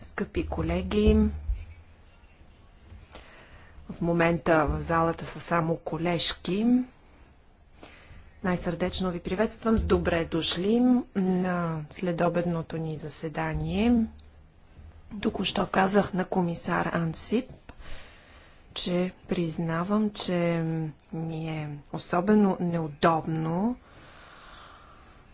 Скъпи колеги, в момента в залата са само колежки. Най-сърдечно ви приветствам с добре дошли на следобедното ни заседание. Току-що казах на комисар Ансип, че признавам, че ми е особено неудобно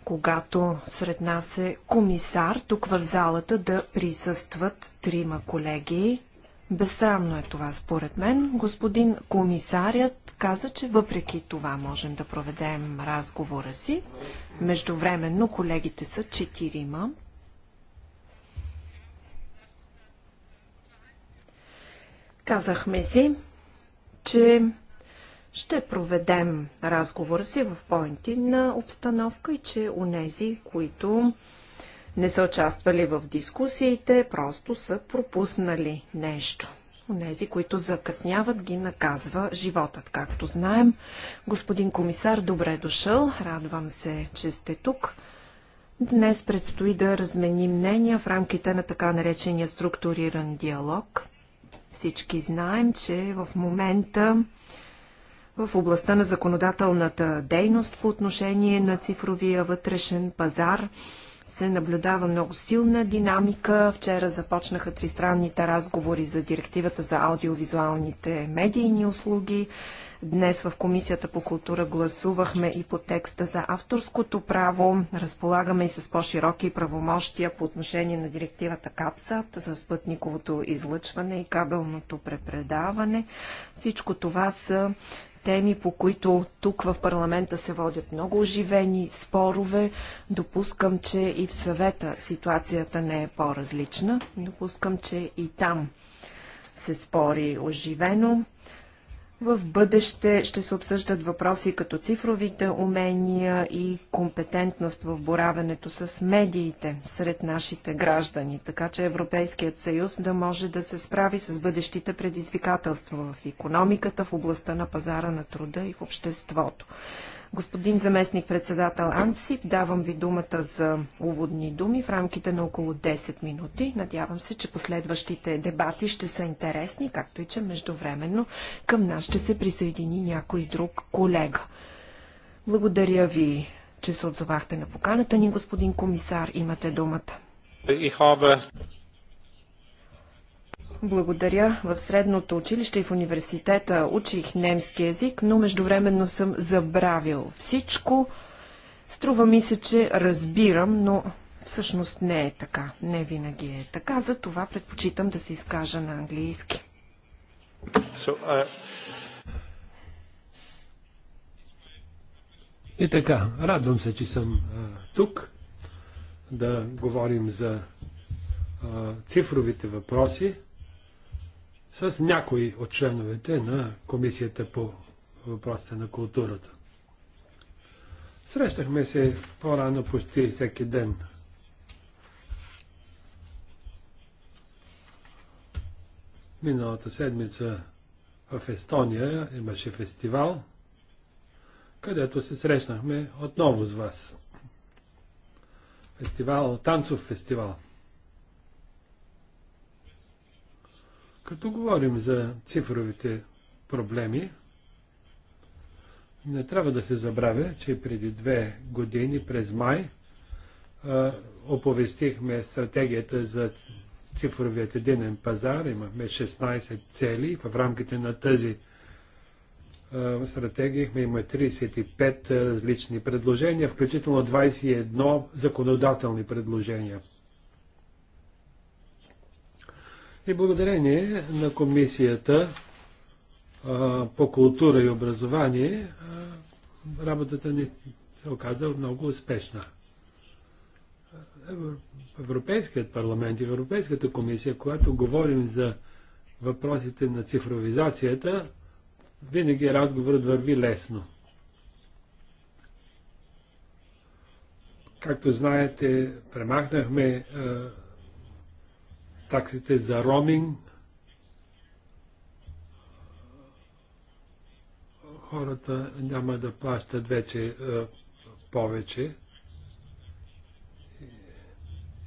когато сред нас е комисар, тук в залата да присъстват трима колеги. Безсрамно е това според мен. Господин комисарят каза, че въпреки това можем да проведем разговора си. Междувременно колегите са четирима. Казахме си, че ще проведем разговора си в поинти на обстановка и че унези, които не са участвали в дискусиите, просто са пропуснали нещо. Онези, които закъсняват, ги наказва животът. Както знаем, господин комисар, добре е дошъл. Радвам се, че сте тук. Днес предстои да разменим мнения в рамките на така наречения структуриран диалог. Всички знаем, че в момента в областта на законодателната дейност по отношение на цифровия вътрешен пазар се наблюдава много силна динамика. Вчера започнаха тристранните разговори за директивата за аудиовизуалните медийни услуги. Днес в Комисията по култура гласувахме и по текста за авторското право. Разполагаме и с по-широки правомощия по отношение на директивата КАПСАТ за спътниковото излъчване и кабелното препредаване. Всичко това са теми, по които тук в парламента се водят много оживени спорове. Допускам, че и в съвета ситуацията не е по-различна. Допускам, че и там се спори оживено. В бъдеще ще се обсъждат въпроси като цифровите умения и компетентност в боравенето с медиите сред нашите граждани, така че Европейският съюз да може да се справи с бъдещите предизвикателства в економиката, в областта на пазара на труда и в обществото. Господин заместник председател Ансип, давам ви думата за уводни думи в рамките на около 10 минути. Надявам се, че последващите дебати ще са интересни, както и че междувременно към нас ще се присъедини някой друг колега. Благодаря ви, че се отзовахте на поканата ни, господин комисар. Имате думата. Благодаря. В средното училище и в университета учих немски язик, но междувременно съм забравил всичко. Струва ми се, че разбирам, но всъщност не е така. Не винаги е така, За това предпочитам да се изкажа на английски. So, uh... И така, радвам се, че съм а, тук да говорим за а, цифровите въпроси с някои от членовете на Комисията по въпросите на културата. Срещахме се по-рано почти всеки ден. Миналата седмица в Естония имаше фестивал, където се срещнахме отново с вас. Фестивал, танцов фестивал – Като говорим за цифровите проблеми, не трябва да се забравя, че преди две години, през май, оповестихме стратегията за цифровият единен пазар. Имахме 16 цели. В рамките на тази стратегия има 35 различни предложения, включително 21 законодателни предложения. И благодарение на комисията а, по култура и образование а, работата ни се оказа много успешна. Европейският парламент и Европейската комисия, когато говорим за въпросите на цифровизацията, винаги разговорът върви лесно. Както знаете, премахнахме а, таксите за роминг. Хората няма да плащат вече е, повече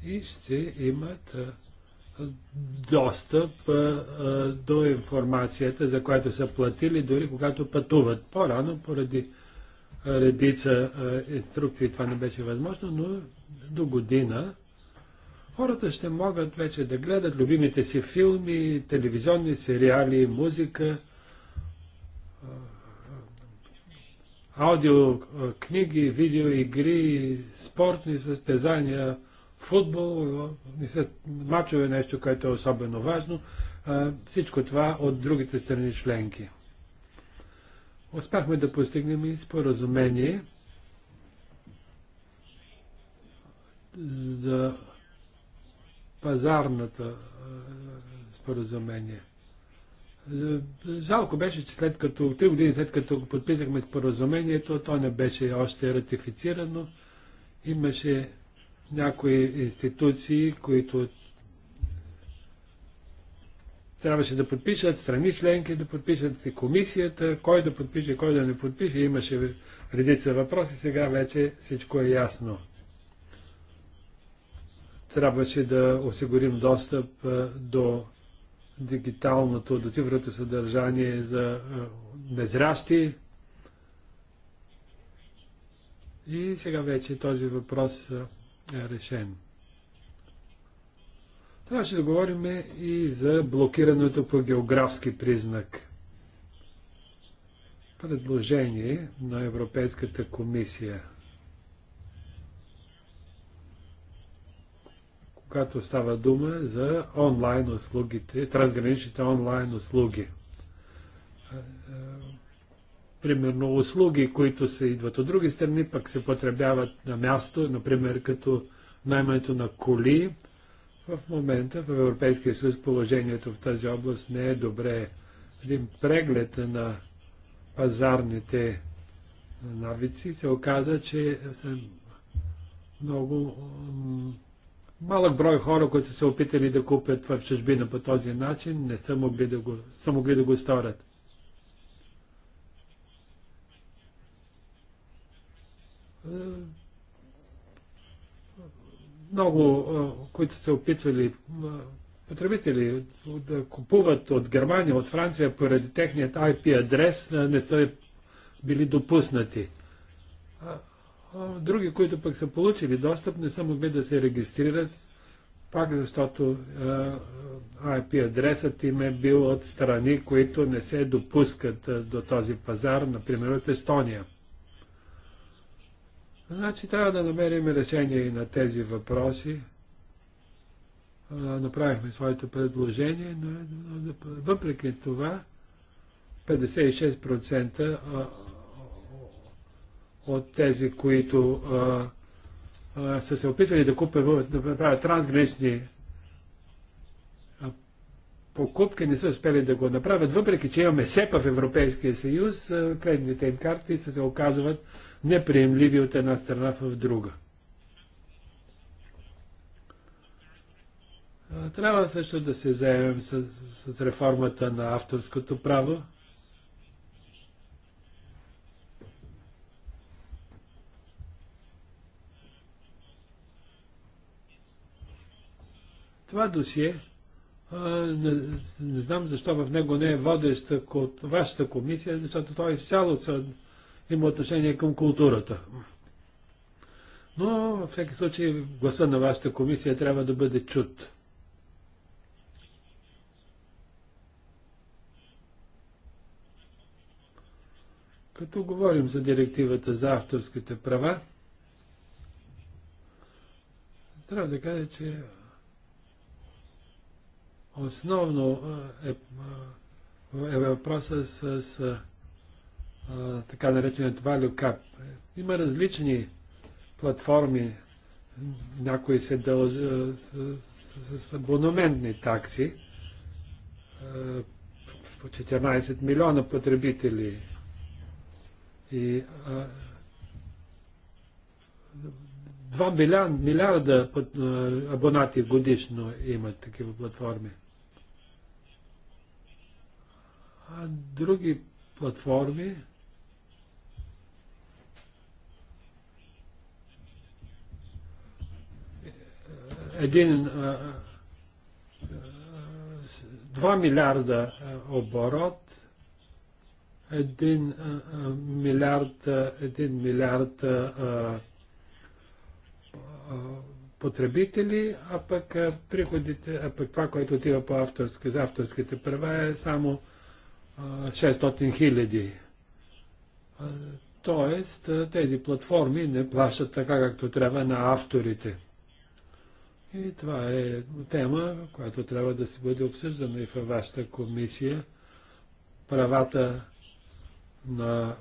и ще имат е, достъп е, до информацията, за която са платили, дори когато пътуват. По-рано, поради редица инструкции, това не беше възможно, но до година хората ще могат вече да гледат любимите си филми, телевизионни сериали, музика, аудио, книги, видеоигри, спортни състезания, футбол, мачове е нещо, което е особено важно. Всичко това от другите страни членки. Успяхме да постигнем и споразумение за пазарната споразумение. Жалко беше, че след като, три години след като подписахме споразумението, то не беше още ратифицирано. Имаше някои институции, които трябваше да подпишат, страни членки да подпишат и комисията, кой да подпише, кой да не подпише. Имаше редица въпроси, сега вече всичко е ясно трябваше да осигурим достъп до дигиталното, до цифровото съдържание за незрящи. И сега вече този въпрос е решен. Трябваше да говорим и за блокирането по географски признак. Предложение на Европейската комисия – когато става дума за онлайн услугите, трансграничните онлайн услуги. Примерно услуги, които се идват от други страни, пък се потребяват на място, например като наймането на коли. В момента в Европейския съюз положението в тази област не е добре. Един преглед на пазарните навици се оказа, че са много Малък брой хора, които са се опитали да купят в чужбина по този начин, не са могли да го, са могли да го сторят. Много, които са опитвали потребители да купуват от Германия, от Франция, поради техният IP адрес не са били допуснати други, които пък са получили достъп, не са могли да се регистрират, пак защото IP адресът им е бил от страни, които не се допускат до този пазар, например от Естония. Значи трябва да намерим решение и на тези въпроси. Направихме своето предложение, но въпреки това 56% от тези, които а, а, са се опитвали да, купят, да правят трансгранични покупки, не са успели да го направят, въпреки че имаме СЕПА в Европейския съюз, кредитните им карти се оказват неприемливи от една страна в друга. Трябва също да се заемем с, с реформата на авторското право. Това досие, а, не, не знам защо в него не е водеща от вашата комисия, защото той изцяло е има отношение към културата. Но във всеки случай гласа на вашата комисия трябва да бъде чут. Като говорим за директивата за авторските права, трябва да кажа, че Основно е, е, е въпроса с, с а, така нареченият value cap. Има различни платформи, някои се дължат с, с абонаментни такси, по 14 милиона потребители и а, 2 милиарда, милиарда абонати годишно имат такива платформи а други платформи един два милиарда оборот, един милиард, един милиард потребители, а пък приходите, а пък това, което отива по авторски, за авторските права е само 600 хиляди. Тоест, тези платформи не плащат така, както трябва на авторите. И това е тема, която трябва да се бъде обсъждана и във вашата комисия. Правата на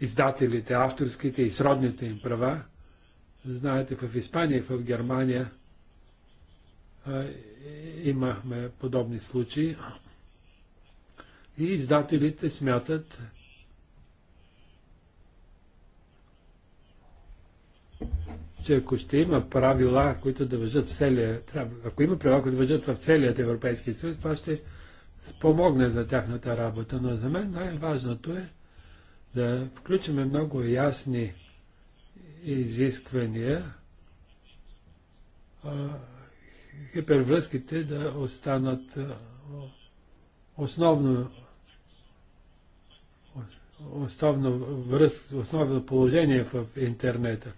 издателите, авторските и сродните им права. Знаете, в Испания и в Германия имахме подобни случаи. И издателите смятат, че ако ще има правила, които да въжат в целия, трябва, ако има правила, които да въжат в целият Европейски съюз, това ще спомогне за тяхната работа. Но за мен най-важното е да включиме много ясни изисквания, хипервръзките да останат основно основно, връз, основно положение в интернета.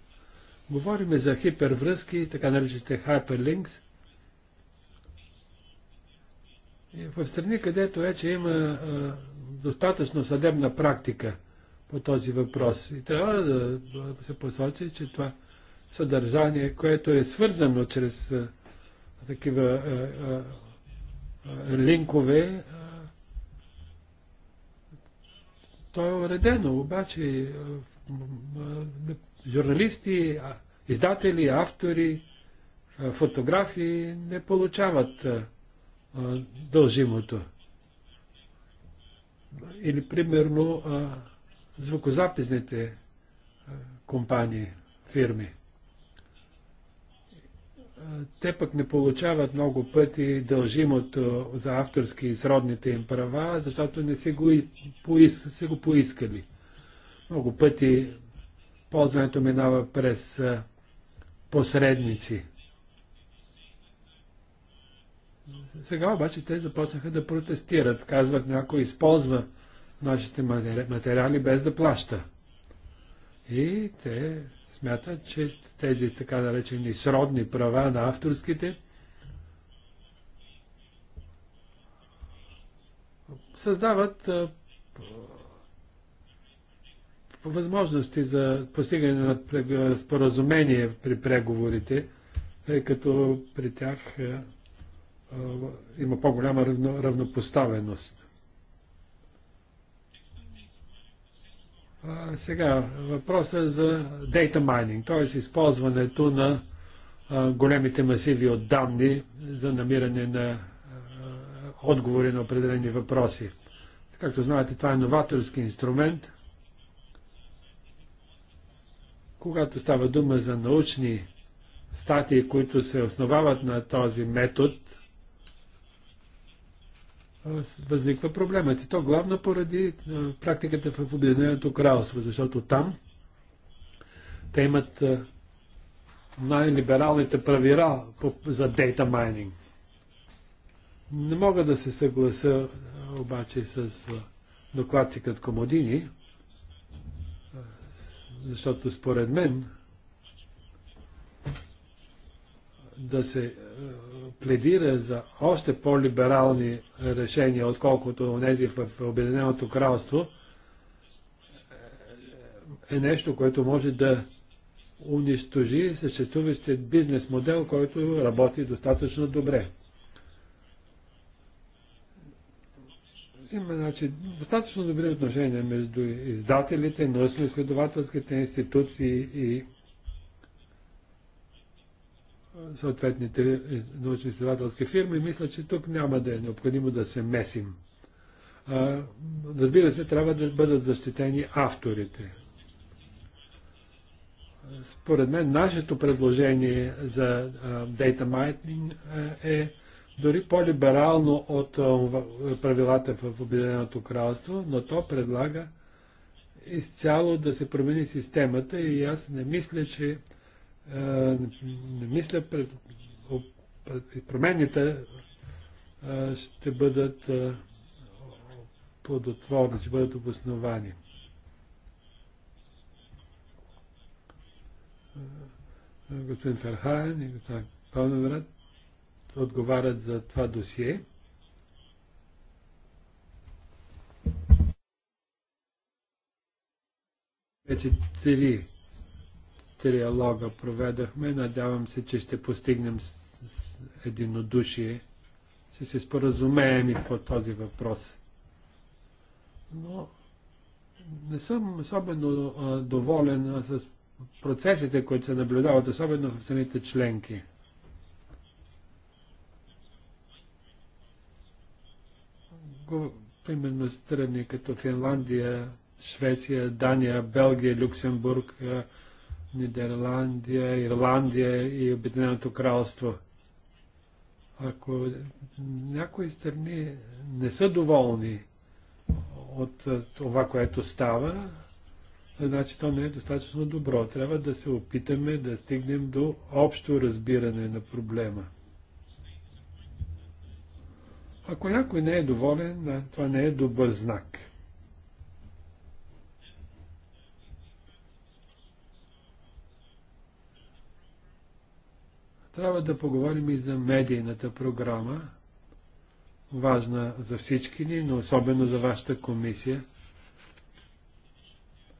Говорим за хипервръзки, така наричате hyperlinks. И в страни, където вече има а, достатъчно съдебна практика по този въпрос. И трябва да се посочи, че това съдържание, което е свързано чрез а, такива е, е, е, линкове, то е уредено, обаче журналисти, издатели, автори, фотографи не получават дължимото. Или примерно звукозаписните компании, фирми – те пък не получават много пъти дължимото за авторски и сродните им права, защото не си го, и поис, си го поискали. Много пъти ползването минава през посредници. Сега обаче те започнаха да протестират. Казват, някой използва нашите материали без да плаща. И те смята, че тези така наречени сродни права на авторските създават възможности за постигане на споразумение при преговорите, тъй като при тях има по-голяма равнопоставеност. сега, въпросът е за data mining, т.е. използването на големите масиви от данни за намиране на отговори на определени въпроси. Както знаете, това е новаторски инструмент. Когато става дума за научни статии, които се основават на този метод, възниква проблемът. И то главно поради практиката в Обединеното кралство, защото там те имат най-либералните правила за дейта майнинг. Не мога да се съглася обаче с докладчикът Комодини, защото според мен да се пледира за още по-либерални решения, отколкото нези в Обединеното кралство, е, е нещо, което може да унищожи съществуващият бизнес модел, който работи достатъчно добре. Има значи, достатъчно добри отношения между издателите, научно-изследователските институции и съответните научно-изследователски фирми. Мисля, че тук няма да е необходимо да се месим. разбира се, трябва да бъдат защитени авторите. Според мен, нашето предложение за Data Mining е дори по-либерално от правилата в Обединеното кралство, но то предлага изцяло да се промени системата и аз не мисля, че е, не мисля, промените е, ще бъдат е, плодотворни, ще бъдат обосновани. Господин Ферхайен и господин Пълноврат отговарят за това досие. Вече цели триалога проведахме. Надявам се, че ще постигнем единодушие. Ще се споразумеем и по този въпрос. Но не съм особено доволен с процесите, които се наблюдават, особено в страните членки. примерно страни като Финландия, Швеция, Дания, Белгия, Люксембург, Нидерландия, Ирландия и Обединеното кралство. Ако някои страни не са доволни от това, което става, значи то не е достатъчно добро. Трябва да се опитаме да стигнем до общо разбиране на проблема. Ако някой не е доволен, това не е добър знак. Трябва да поговорим и за медийната програма, важна за всички ни, но особено за вашата комисия.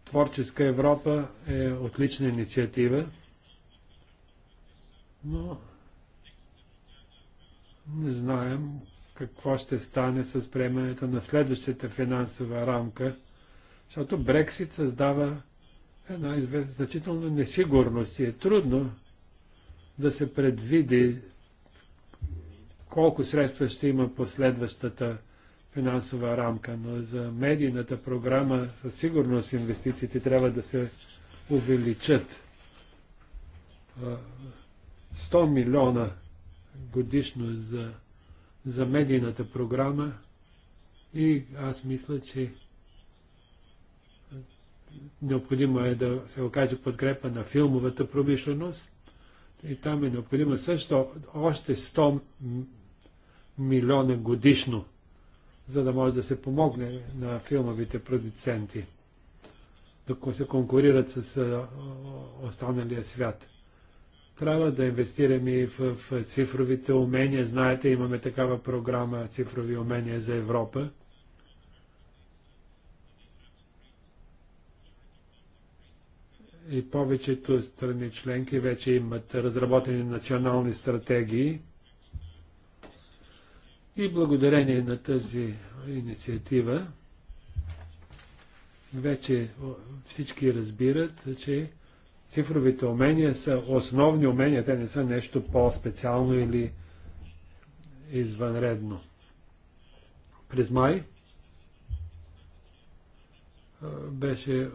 Творческа Европа е отлична инициатива, но не знаем какво ще стане с приемането на следващата финансова рамка, защото Брексит създава една значителна несигурност и е трудно да се предвиди колко средства ще има последващата финансова рамка, но за медийната програма със сигурност инвестициите трябва да се увеличат. 100 милиона годишно за, за медийната програма и аз мисля, че необходимо е да се окаже подкрепа на филмовата промишленост и там е необходимо също още 100 милиона годишно, за да може да се помогне на филмовите продуценти да се конкурират с останалия свят. Трябва да инвестираме и в, в цифровите умения. Знаете, имаме такава програма Цифрови умения за Европа – и повечето страни членки вече имат разработени национални стратегии. И благодарение на тази инициатива вече всички разбират, че цифровите умения са основни умения, те не са нещо по-специално или извънредно. През май беше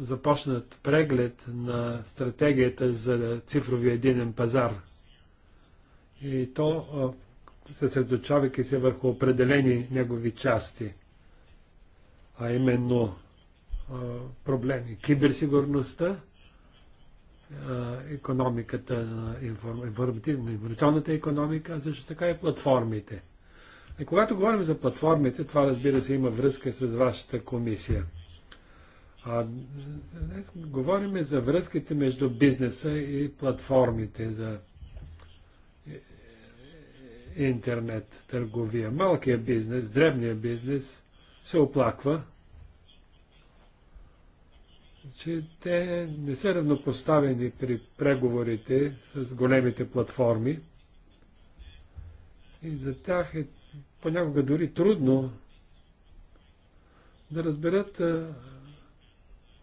започнат преглед на стратегията за цифрови единен пазар. И то съсредоточавайки се върху определени негови части, а именно проблеми киберсигурността, економиката, информационната економика, а също така и платформите. И когато говорим за платформите, това разбира се има връзка с вашата комисия. А, днес говорим за връзките между бизнеса и платформите за е, е, интернет търговия. Малкият бизнес, древния бизнес се оплаква, че те не са равнопоставени при преговорите с големите платформи и за тях е понякога дори трудно да разберат а,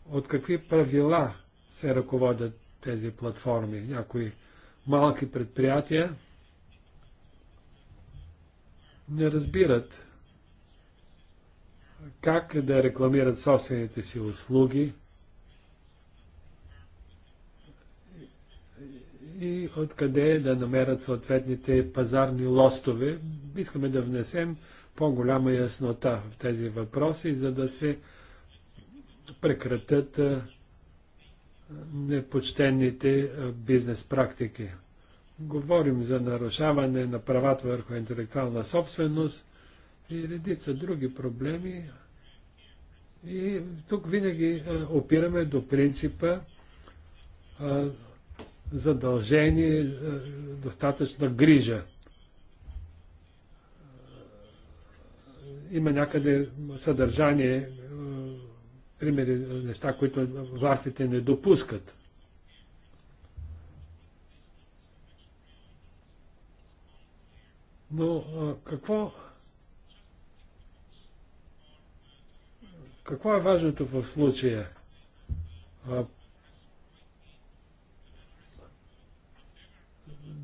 от какви правила се ръководят тези платформи. Някои малки предприятия не разбират как да рекламират собствените си услуги, и откъде да намерят съответните пазарни лостове. Искаме да внесем по-голяма яснота в тези въпроси, за да се прекратят непочтените бизнес практики. Говорим за нарушаване на правата върху интелектуална собственост и редица други проблеми. И тук винаги опираме до принципа Задължение е, достатъчна грижа. Има някъде съдържание, е, примери, неща, които властите не допускат. Но е, какво какво е важното в случая?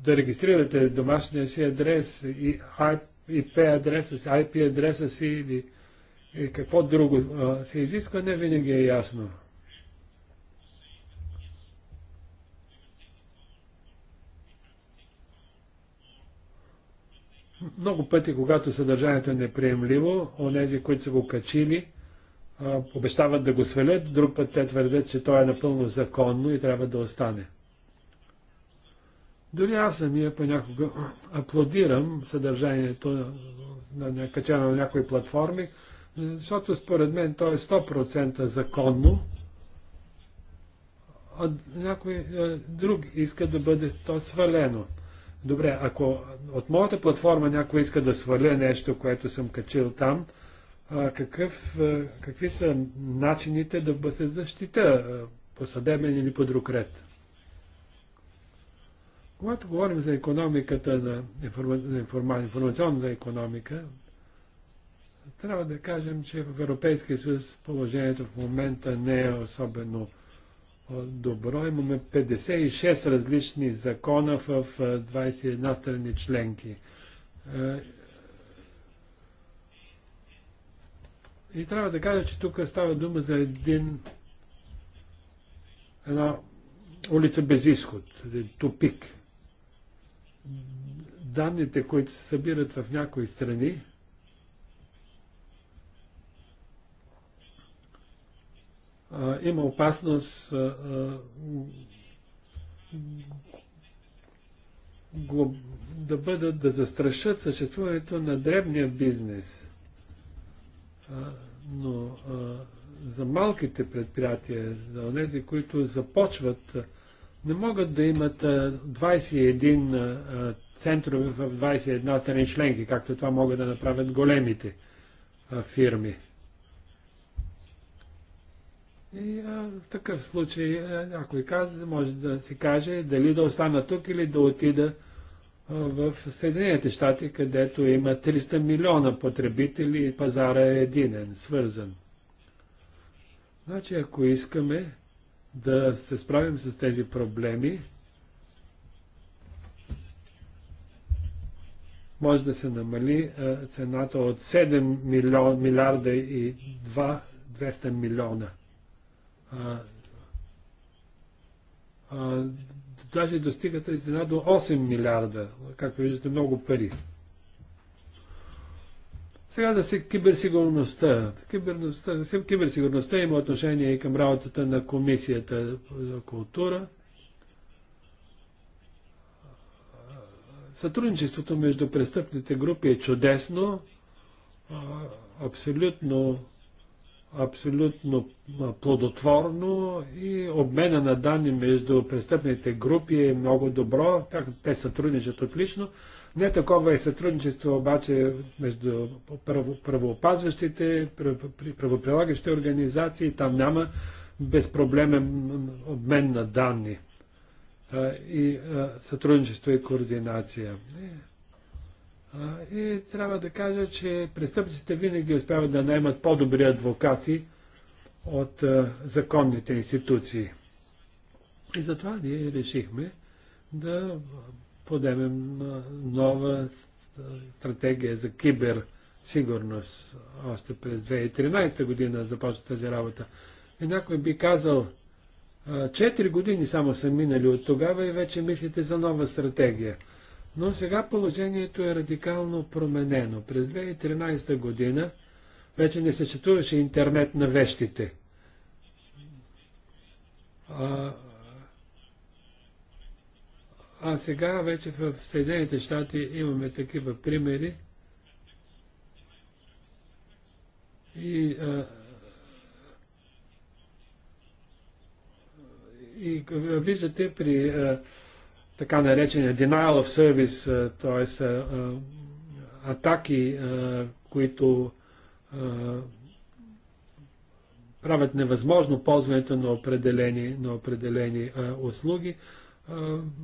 да регистрирате домашния си адрес и IP адреса си, IP адреса си или и какво друго а, се изисква, не винаги е ясно. Много пъти, когато съдържанието е неприемливо, онези, които са го качили, а, обещават да го свалят, друг път те твърдят, че то е напълно законно и трябва да остане. Дори аз самия понякога аплодирам съдържанието на качено на някои платформи, защото според мен то е 100% законно, а някой а, е, друг иска да бъде то свалено. Добре, ако от моята платформа някой иска да сваля нещо, което съм качил там, а, какъв, а, е, какви са начините да се защита е, по съдебен или по друг ред? Когато говорим за економиката на, информа, информационната економика, трябва да кажем, че в Европейския съюз положението в момента не е особено добро. Имаме 56 различни закона в 21 страни членки. И трябва да кажа, че тук става дума за един една улица без изход, един тупик данните, които се събират в някои страни, има опасност да бъдат, да застрашат съществуването на дребния бизнес. Но за малките предприятия, за тези, които започват не могат да имат 21 центрове в 21 страни членки, както това могат да направят големите фирми. И а, в такъв случай някой казва, може да си каже дали да остана тук или да отида а, в Съединените щати, където има 300 милиона потребители и пазара е единен, свързан. Значи, ако искаме да се справим с тези проблеми. Може да се намали цената от 7 милион, милиарда и 2, 200 милиона. А, а, даже достигате цена до 8 милиарда. Както виждате, много пари. Сега за си, киберсигурността. киберсигурността има отношение и към работата на Комисията за култура. Сътрудничеството между престъпните групи е чудесно, абсолютно, абсолютно плодотворно и обмена на данни между престъпните групи е много добро. Те сътрудничат отлично. Не такова е сътрудничество обаче между правоопазващите, правоприлагащите организации. Там няма безпроблемен обмен на данни и сътрудничество и координация. И трябва да кажа, че престъпниците винаги успяват да наймат по-добри адвокати от законните институции. И затова ние решихме да подемем нова стратегия за киберсигурност. Още през 2013 година започна тази работа. И някой би казал, 4 години само са минали от тогава и вече мислите за нова стратегия. Но сега положението е радикално променено. През 2013 година вече не съществуваше интернет на вещите. А сега вече в Съединените щати имаме такива примери. И, а, и виждате при а, така наречения denial of service, т.е. атаки, а, които а, правят невъзможно ползването на определени, на определени а, услуги,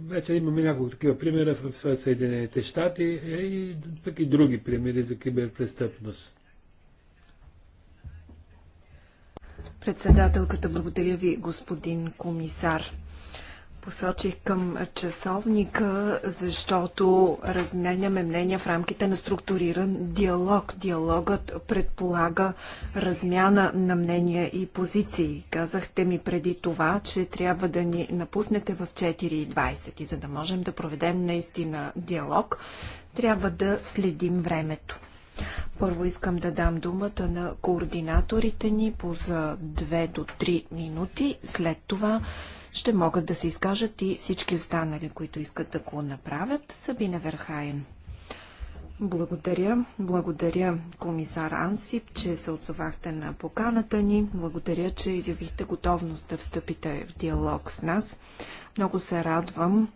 вече имаме няколко такива примера в Съединените щати е, и пък и други примери за киберпрестъпност. Председателката, благодаря ви, господин комисар. Посочих към часовника, защото разменяме мнения в рамките на структуриран диалог. Диалогът предполага размяна на мнения и позиции. Казахте ми преди това, че трябва да ни напуснете в 4.20 и за да можем да проведем наистина диалог, трябва да следим времето. Първо искам да дам думата на координаторите ни по за 2 до 3 минути. След това ще могат да се изкажат и всички останали, които искат да го направят. Сабина Верхаен. Благодаря. Благодаря, комисар Ансип, че се отзовахте на поканата ни. Благодаря, че изявихте готовност да встъпите в диалог с нас. Много се радвам,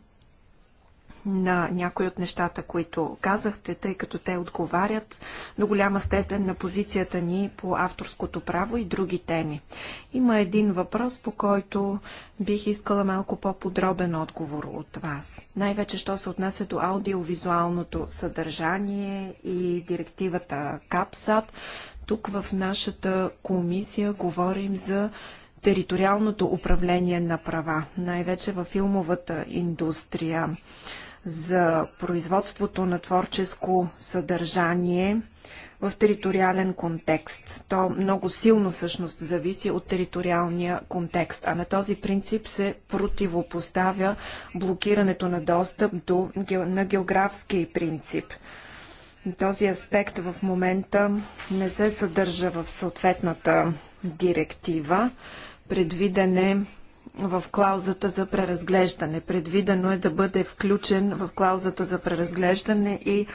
на някои от нещата, които казахте, тъй като те отговарят до голяма степен на позицията ни по авторското право и други теми. Има един въпрос, по който бих искала малко по-подробен отговор от вас. Най-вече, що се отнася до аудиовизуалното съдържание и директивата КАПСАТ, тук в нашата комисия говорим за териториалното управление на права, най-вече във филмовата индустрия за производството на творческо съдържание в териториален контекст. То много силно всъщност зависи от териториалния контекст, а на този принцип се противопоставя блокирането на достъп до, на географски принцип. Този аспект в момента не се съдържа в съответната директива. Предвиден е в клаузата за преразглеждане. Предвидено е да бъде включен в клаузата за преразглеждане и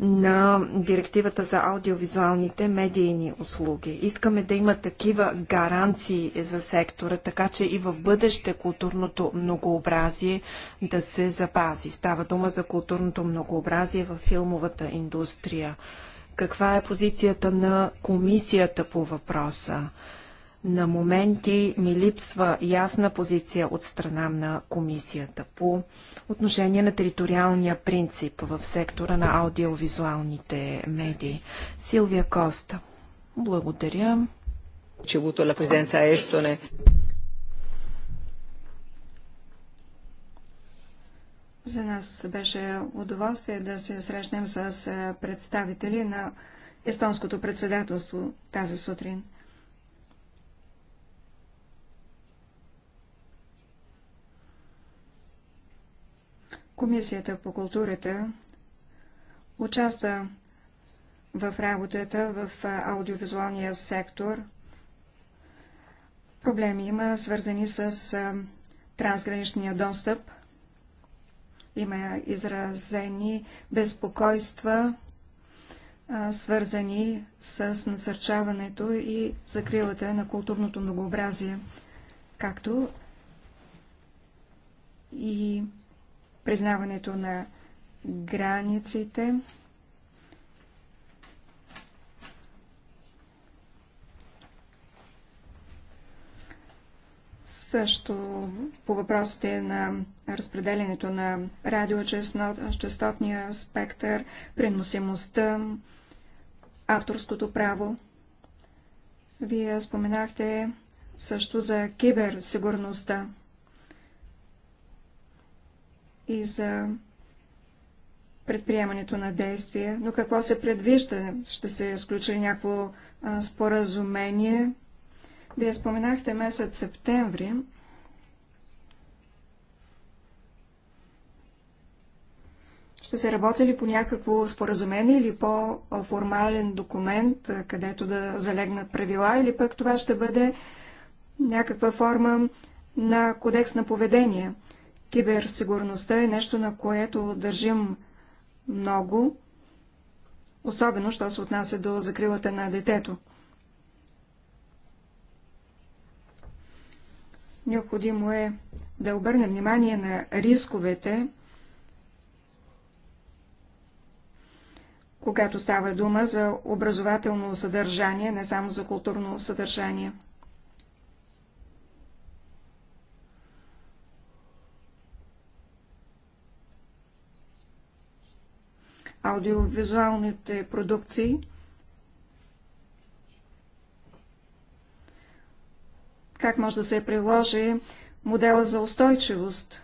на директивата за аудиовизуалните медийни услуги. Искаме да има такива гаранции за сектора, така че и в бъдеще културното многообразие да се запази. Става дума за културното многообразие в филмовата индустрия. Каква е позицията на комисията по въпроса? На моменти ми липсва ясна позиция от страна на комисията по отношение на териториалния принцип в сектора на аудиовизуалните медии. Силвия Коста. Благодаря. За нас беше удоволствие да се срещнем с представители на естонското председателство тази сутрин. Комисията по културата участва в работата в аудиовизуалния сектор. Проблеми има свързани с трансграничния достъп. Има изразени безпокойства, свързани с насърчаването и закрилата на културното многообразие, както и признаването на границите. Също по въпросите на разпределението на радиочастотния спектър, преносимостта, авторското право. Вие споменахте също за киберсигурността и за предприемането на действия. Но какво се предвижда? Ще се сключи някакво споразумение? Вие споменахте месец септември. Ще се работи ли по някакво споразумение или по-формален документ, където да залегнат правила, или пък това ще бъде някаква форма на кодекс на поведение? Киберсигурността е нещо, на което държим много, особено, що се отнася до закрилата на детето. Необходимо е да обърнем внимание на рисковете, когато става дума за образователно съдържание, не само за културно съдържание. аудиовизуалните продукции. Как може да се приложи модела за устойчивост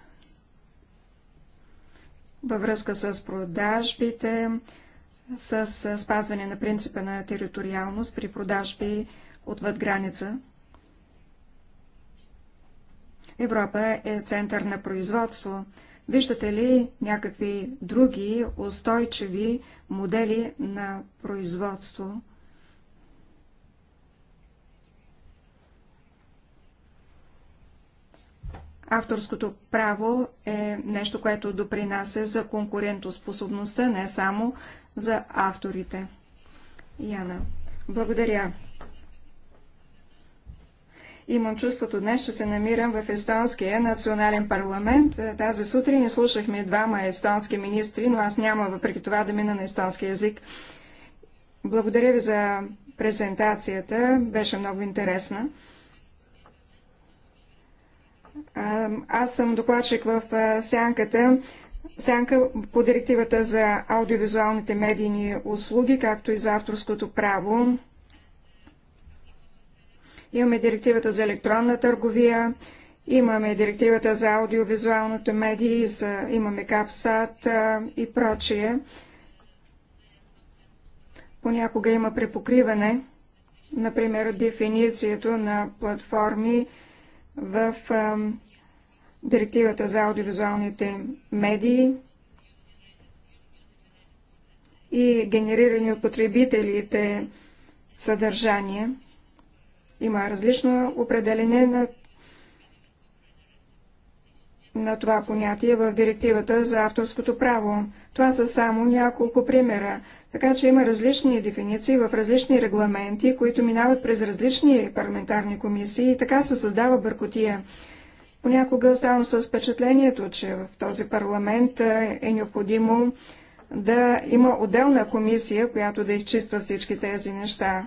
във връзка с продажбите, с спазване на принципа на териториалност при продажби отвъд граница. Европа е център на производство. Виждате ли някакви други устойчиви модели на производство? Авторското право е нещо, което допринася за конкурентоспособността, не само за авторите. Яна, благодаря. Имам чувството днес, че се намирам в естонския национален парламент. Е, тази сутрин слушахме двама естонски министри, но аз няма въпреки това да мина на естонски язик. Благодаря ви за презентацията, беше много интересна. Аз съм докладчик в сянката, сянка по директивата за аудиовизуалните медийни услуги, както и за авторското право. Имаме директивата за електронна търговия, имаме директивата за аудиовизуалното медии, за, имаме капсат и прочие. Понякога има препокриване, например, дефиницията на платформи в директивата за аудиовизуалните медии и генерирани от потребителите съдържания. Има различно определене на, на това понятие в директивата за авторското право. Това са само няколко примера. Така че има различни дефиниции в различни регламенти, които минават през различни парламентарни комисии и така се създава бъркотия. Понякога оставам с впечатлението, че в този парламент е необходимо да има отделна комисия, която да изчиства всички тези неща.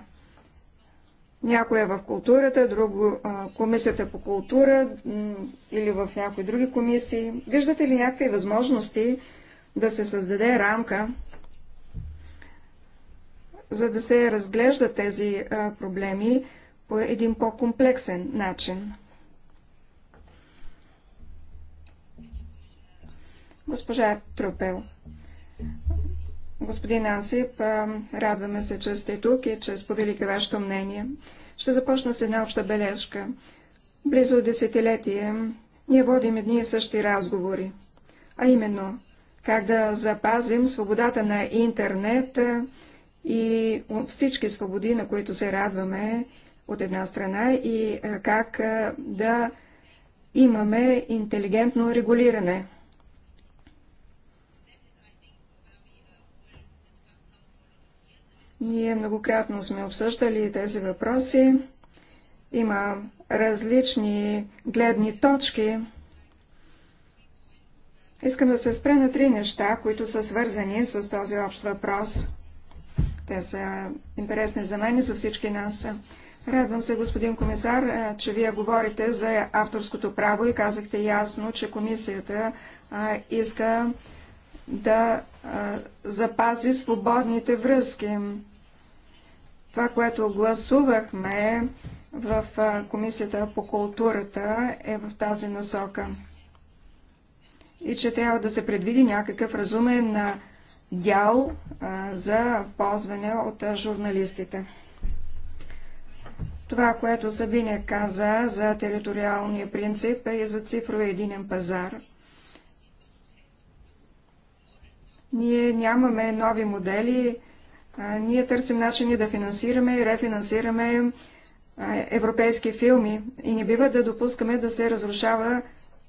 Някой е в културата, друго комисията по култура или в някои други комисии. Виждате ли някакви възможности да се създаде рамка, за да се разглеждат тези проблеми по един по-комплексен начин? Госпожа Тропел. Господин Ансип, радваме се, че сте тук и че споделите вашето мнение. Ще започна с една обща бележка. Близо десетилетие ние водим едни и същи разговори, а именно как да запазим свободата на интернет и всички свободи, на които се радваме от една страна и как да имаме интелигентно регулиране Ние многократно сме обсъждали тези въпроси. Има различни гледни точки. Искам да се спре на три неща, които са свързани с този общ въпрос. Те са интересни за мен и за всички нас. Радвам се, господин комисар, че вие говорите за авторското право и казахте ясно, че комисията иска да запази свободните връзки. Това, което гласувахме в Комисията по културата е в тази насока. И че трябва да се предвиди някакъв разумен дял за ползване от журналистите. Това, което Сабиня е каза за териториалния принцип е и за цифрови единен пазар. Ние нямаме нови модели, ние търсим начини да финансираме и рефинансираме европейски филми и не бива да допускаме да се разрушава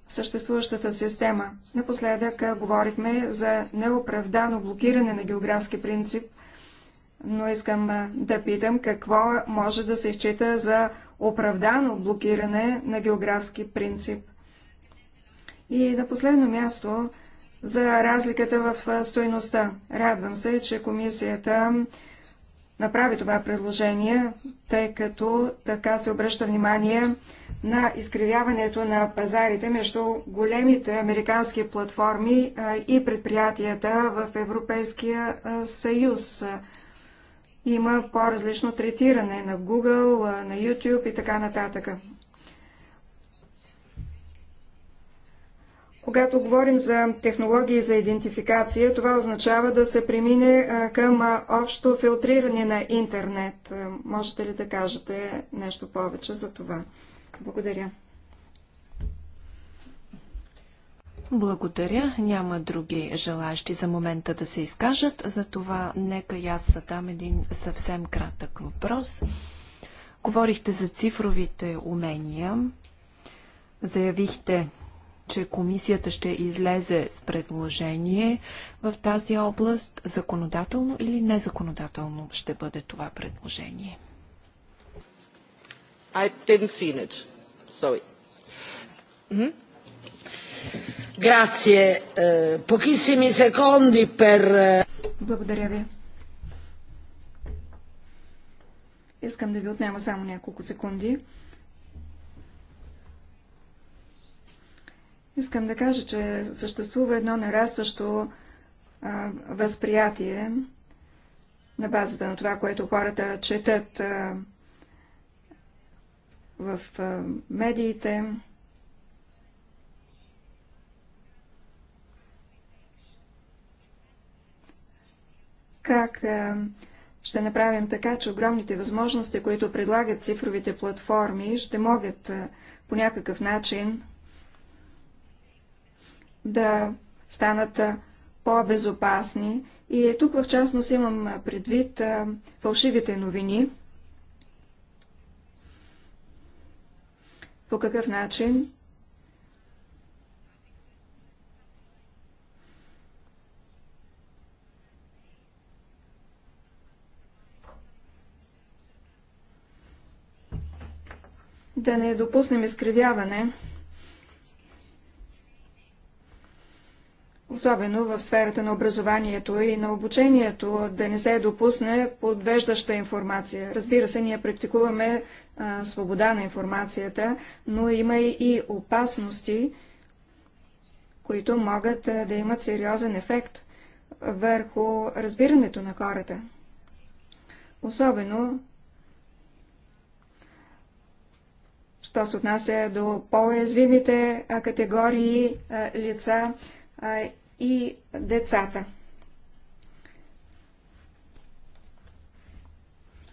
съществуващата система. Напоследък говорихме за неоправдано блокиране на географски принцип, но искам да питам какво може да се счита за оправдано блокиране на географски принцип. И на последно място за разликата в стоеността. Радвам се, че комисията направи това предложение, тъй като така се обръща внимание на изкривяването на пазарите между големите американски платформи и предприятията в Европейския съюз. Има по-различно третиране на Google, на YouTube и така нататък. Когато говорим за технологии за идентификация, това означава да се премине към общо филтриране на интернет. Можете ли да кажете нещо повече за това? Благодаря. Благодаря. Няма други желащи за момента да се изкажат, затова нека и аз задам един съвсем кратък въпрос. Говорихте за цифровите умения, заявихте, че комисията ще излезе с предложение в тази област? Законодателно или незаконодателно ще бъде това предложение? I didn't see it. Sorry. Mm-hmm. Grazie. Uh, pochissimi secondi per... Благодаря ви. Искам да ви отнема само няколко секунди. Искам да кажа, че съществува едно нарастващо а, възприятие на базата на това, което хората четат а, в а, медиите. Как а, ще направим така, че огромните възможности, които предлагат цифровите платформи, ще могат а, по някакъв начин да станат по-безопасни. И тук в частност имам предвид а, фалшивите новини. По какъв начин да не допуснем изкривяване особено в сферата на образованието и на обучението, да не се допусне подвеждаща информация. Разбира се, ние практикуваме а, свобода на информацията, но има и опасности, които могат а, да имат сериозен ефект върху разбирането на хората. Особено, що се отнася до по-уязвимите категории а, лица, и децата.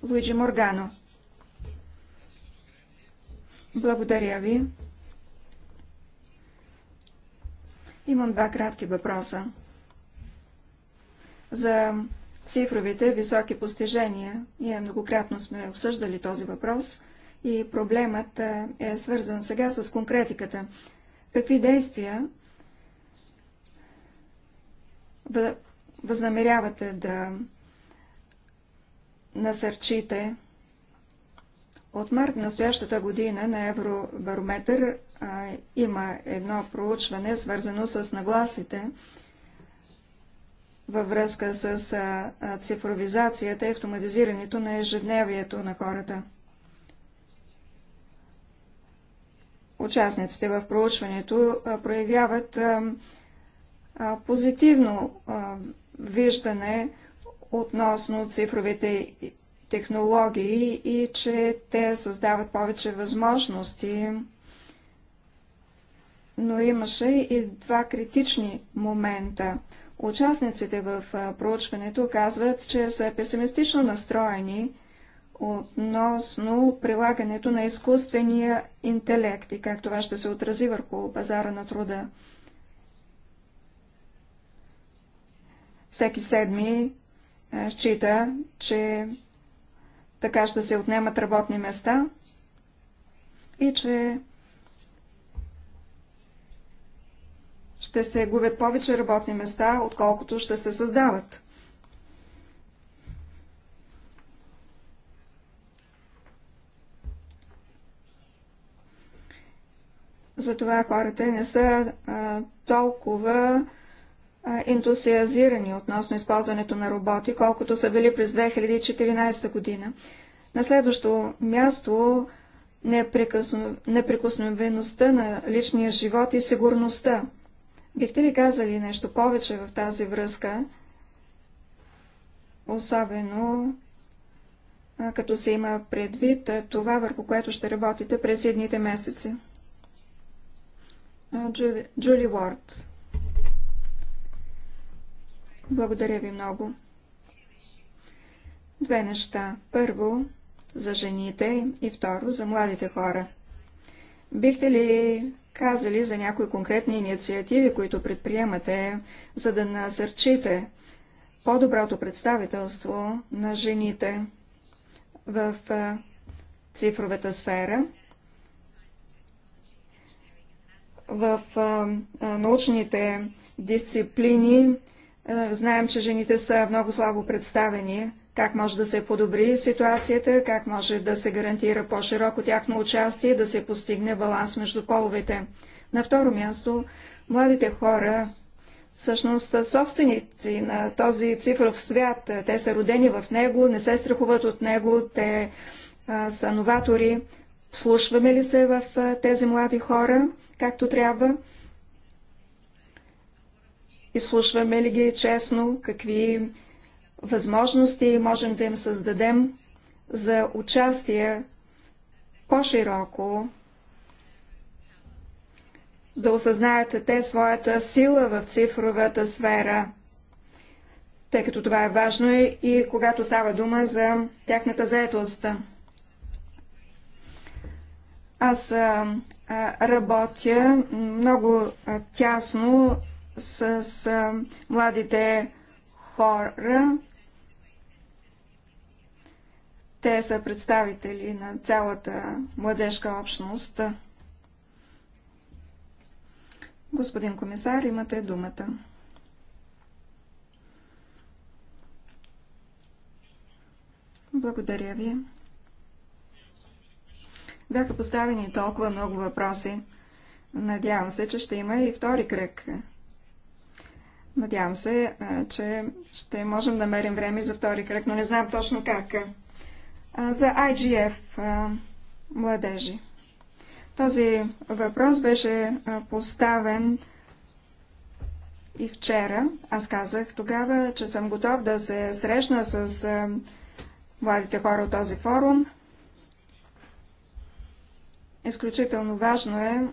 Луиджи Моргано. Благодаря ви. Имам два кратки въпроса. За цифровите високи постижения. Ние многократно сме обсъждали този въпрос и проблемът е, е свързан сега с конкретиката. Какви действия възнамерявате да насърчите. От март настоящата година на Евробарометър а, има едно проучване, свързано с нагласите във връзка с а, цифровизацията и автоматизирането на ежедневието на хората. Участниците в проучването а, проявяват а, позитивно виждане относно цифровите технологии и че те създават повече възможности. Но имаше и два критични момента. Участниците в проучването казват, че са песимистично настроени относно прилагането на изкуствения интелект и как това ще се отрази върху пазара на труда. всеки седми е, счита, че така ще се отнемат работни места и че ще се губят повече работни места, отколкото ще се създават. Затова хората не са а, толкова ентусиазирани относно използването на роботи, колкото са били през 2014 година. На следващо място неприкосновеността на личния живот и сигурността. Бихте ли казали нещо повече в тази връзка, особено като се има предвид това, върху което ще работите през едните месеци? Джули Уорд. Благодаря ви много. Две неща. Първо, за жените и второ, за младите хора. Бихте ли казали за някои конкретни инициативи, които предприемате, за да насърчите по-доброто представителство на жените в цифровата сфера, в научните дисциплини, е, знаем, че жените са много слабо представени. Как може да се подобри ситуацията, как може да се гарантира по-широко тяхно участие, да се постигне баланс между половете. На второ място, младите хора всъщност са собственици на този цифров свят. Те са родени в него, не се страхуват от него, те а, са новатори. Вслушваме ли се в а, тези млади хора, както трябва? изслушваме ли ги честно, какви възможности можем да им създадем за участие по-широко, да осъзнаят те своята сила в цифровата сфера, тъй като това е важно и когато става дума за тяхната заетост. Аз а, работя много а, тясно с, с младите хора. Те са представители на цялата младежка общност. Господин комисар, имате думата. Благодаря ви. Бяха поставени толкова много въпроси. Надявам се, че ще има и втори кръг. Надявам се, че ще можем да мерим време за втори кръг, но не знам точно как. За IGF младежи. Този въпрос беше поставен и вчера. Аз казах тогава, че съм готов да се срещна с младите хора от този форум. Изключително важно е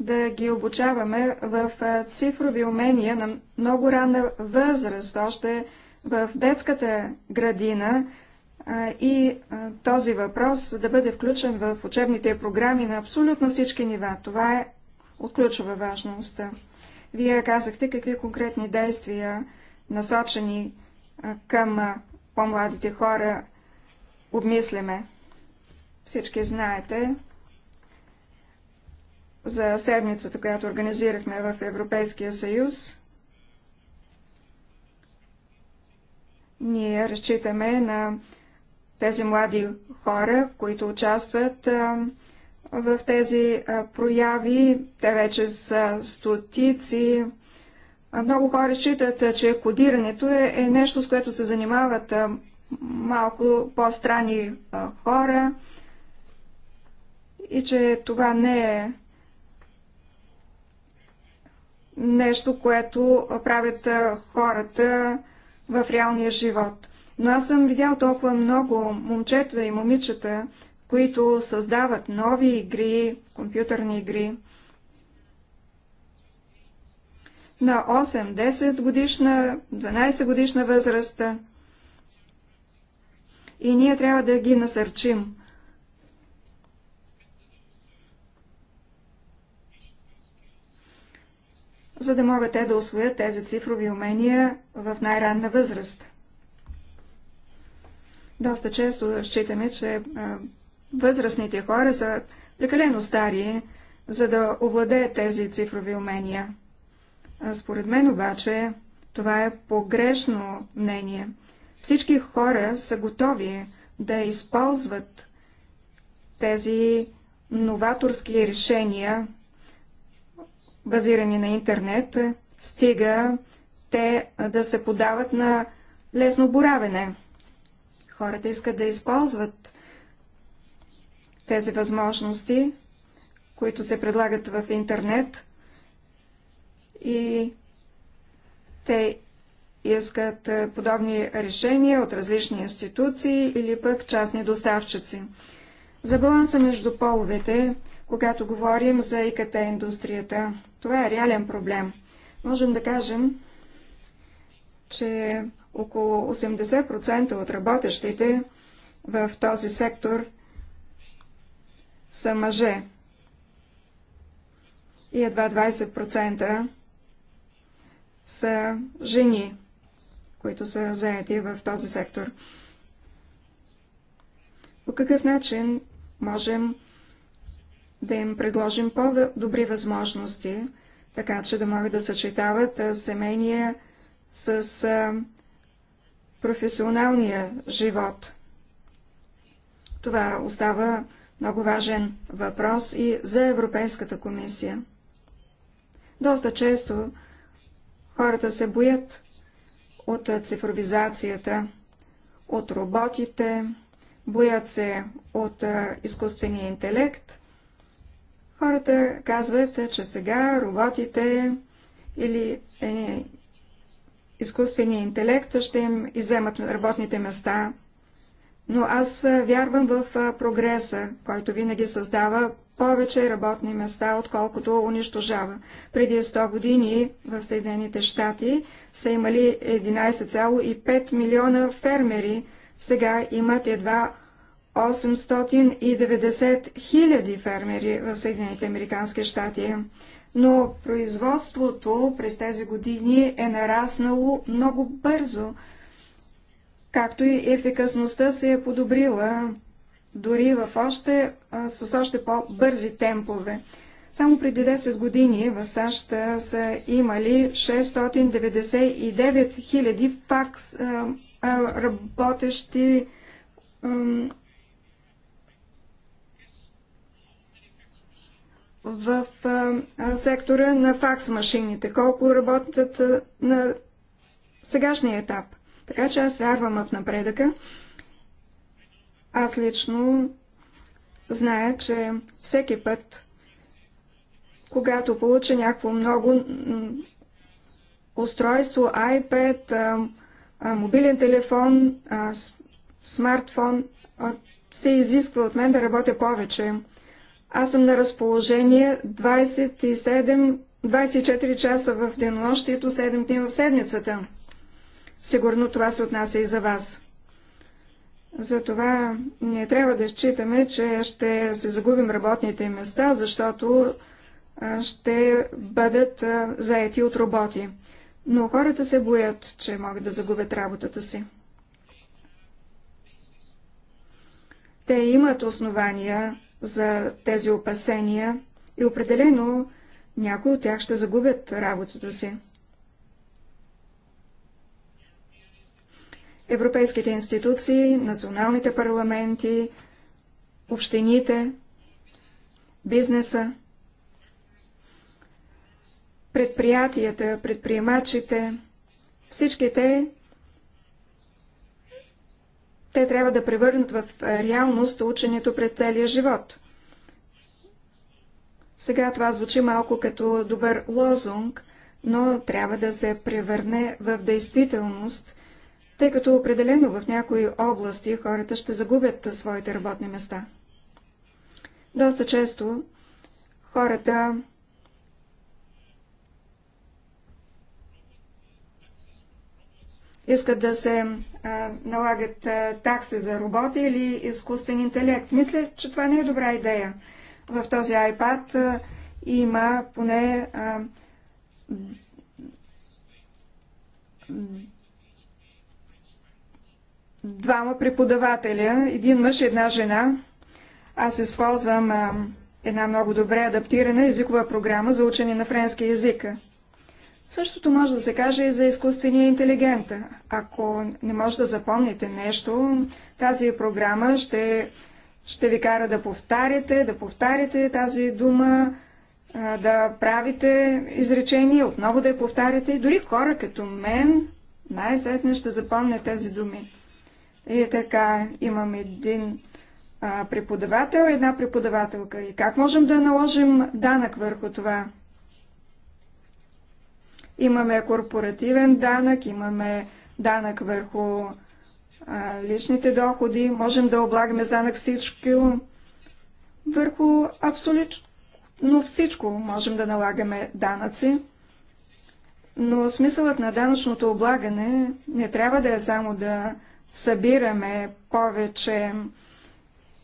да ги обучаваме в цифрови умения на много ранна възраст, още в детската градина и този въпрос да бъде включен в учебните програми на абсолютно всички нива. Това е от ключова важност. Вие казахте какви конкретни действия насочени към по-младите хора обмисляме. Всички знаете, за седмицата, която организирахме в Европейския съюз. Ние разчитаме на тези млади хора, които участват в тези прояви. Те вече са стотици. Много хора считат, че кодирането е, е нещо, с което се занимават малко по-страни хора и че това не е нещо, което правят хората в реалния живот. Но аз съм видял толкова много момчета и момичета, които създават нови игри, компютърни игри. На 8, 10 годишна, 12 годишна възраст. И ние трябва да ги насърчим. за да могат те да освоят тези цифрови умения в най-ранна възраст. Доста често считаме, че възрастните хора са прекалено стари, за да овладеят тези цифрови умения. Според мен обаче това е погрешно мнение. Всички хора са готови да използват тези новаторски решения базирани на интернет, стига те да се подават на лесно боравене. Хората искат да използват тези възможности, които се предлагат в интернет и те искат подобни решения от различни институции или пък частни доставчици. За баланса между половете когато говорим за ИКТ индустрията. Това е реален проблем. Можем да кажем, че около 80% от работещите в този сектор са мъже и едва 20% са жени, които са заети в този сектор. По какъв начин можем да им предложим по-добри възможности, така че да могат да съчетават семейния с професионалния живот. Това остава много важен въпрос и за Европейската комисия. Доста често хората се боят от цифровизацията, от роботите, боят се от изкуствения интелект – Хората казват, че сега роботите или е, изкуствения интелект ще им иземат работните места, но аз е, вярвам в е, прогреса, който винаги създава повече работни места, отколкото унищожава. Преди 100 години в Съединените щати са имали 11,5 милиона фермери, сега имат едва 890 хиляди фермери в Съединените Американски щати, но производството през тези години е нараснало много бързо, както и ефикасността се е подобрила дори в още, а, с още по-бързи темпове. Само преди 10 години в САЩ са имали 699 хиляди факс а, а, работещи в сектора на факс машините, колко работят на сегашния етап. Така че аз вярвам в напредъка. Аз лично зная, че всеки път, когато получа някакво много устройство, iPad, мобилен телефон, смартфон, се изисква от мен да работя повече. Аз съм на разположение 27, 24 часа в денонощието, 7 дни в седмицата. Сигурно това се отнася и за вас. Затова не трябва да считаме, че ще се загубим работните места, защото ще бъдат заети от роботи. Но хората се боят, че могат да загубят работата си. Те имат основания за тези опасения и определено някои от тях ще загубят работата си. Европейските институции, националните парламенти, общините, бизнеса, предприятията, предприемачите, всички те те трябва да превърнат в реалност ученето пред целия живот. Сега това звучи малко като добър лозунг, но трябва да се превърне в действителност, тъй като определено в някои области хората ще загубят своите работни места. Доста често хората искат да се а, налагат а, такси за роботи или изкуствен интелект. Мисля, че това не е добра идея. В този iPad а, има поне а, двама преподавателя, един мъж и една жена. Аз използвам а, една много добре адаптирана езикова програма за учене на френски язик. Същото може да се каже и за изкуствения интелигент. Ако не може да запомните нещо, тази програма ще, ще ви кара да повтаряте, да повтаряте тази дума, да правите изречения, отново да я повтаряте. Дори хора като мен най-сетне ще запомня тези думи. И така, имам един преподавател, една преподавателка. И как можем да наложим данък върху това? Имаме корпоративен данък, имаме данък върху а, личните доходи, можем да облагаме с данък всичко, върху абсолютно всичко можем да налагаме данъци. Но смисълът на данъчното облагане не трябва да е само да събираме повече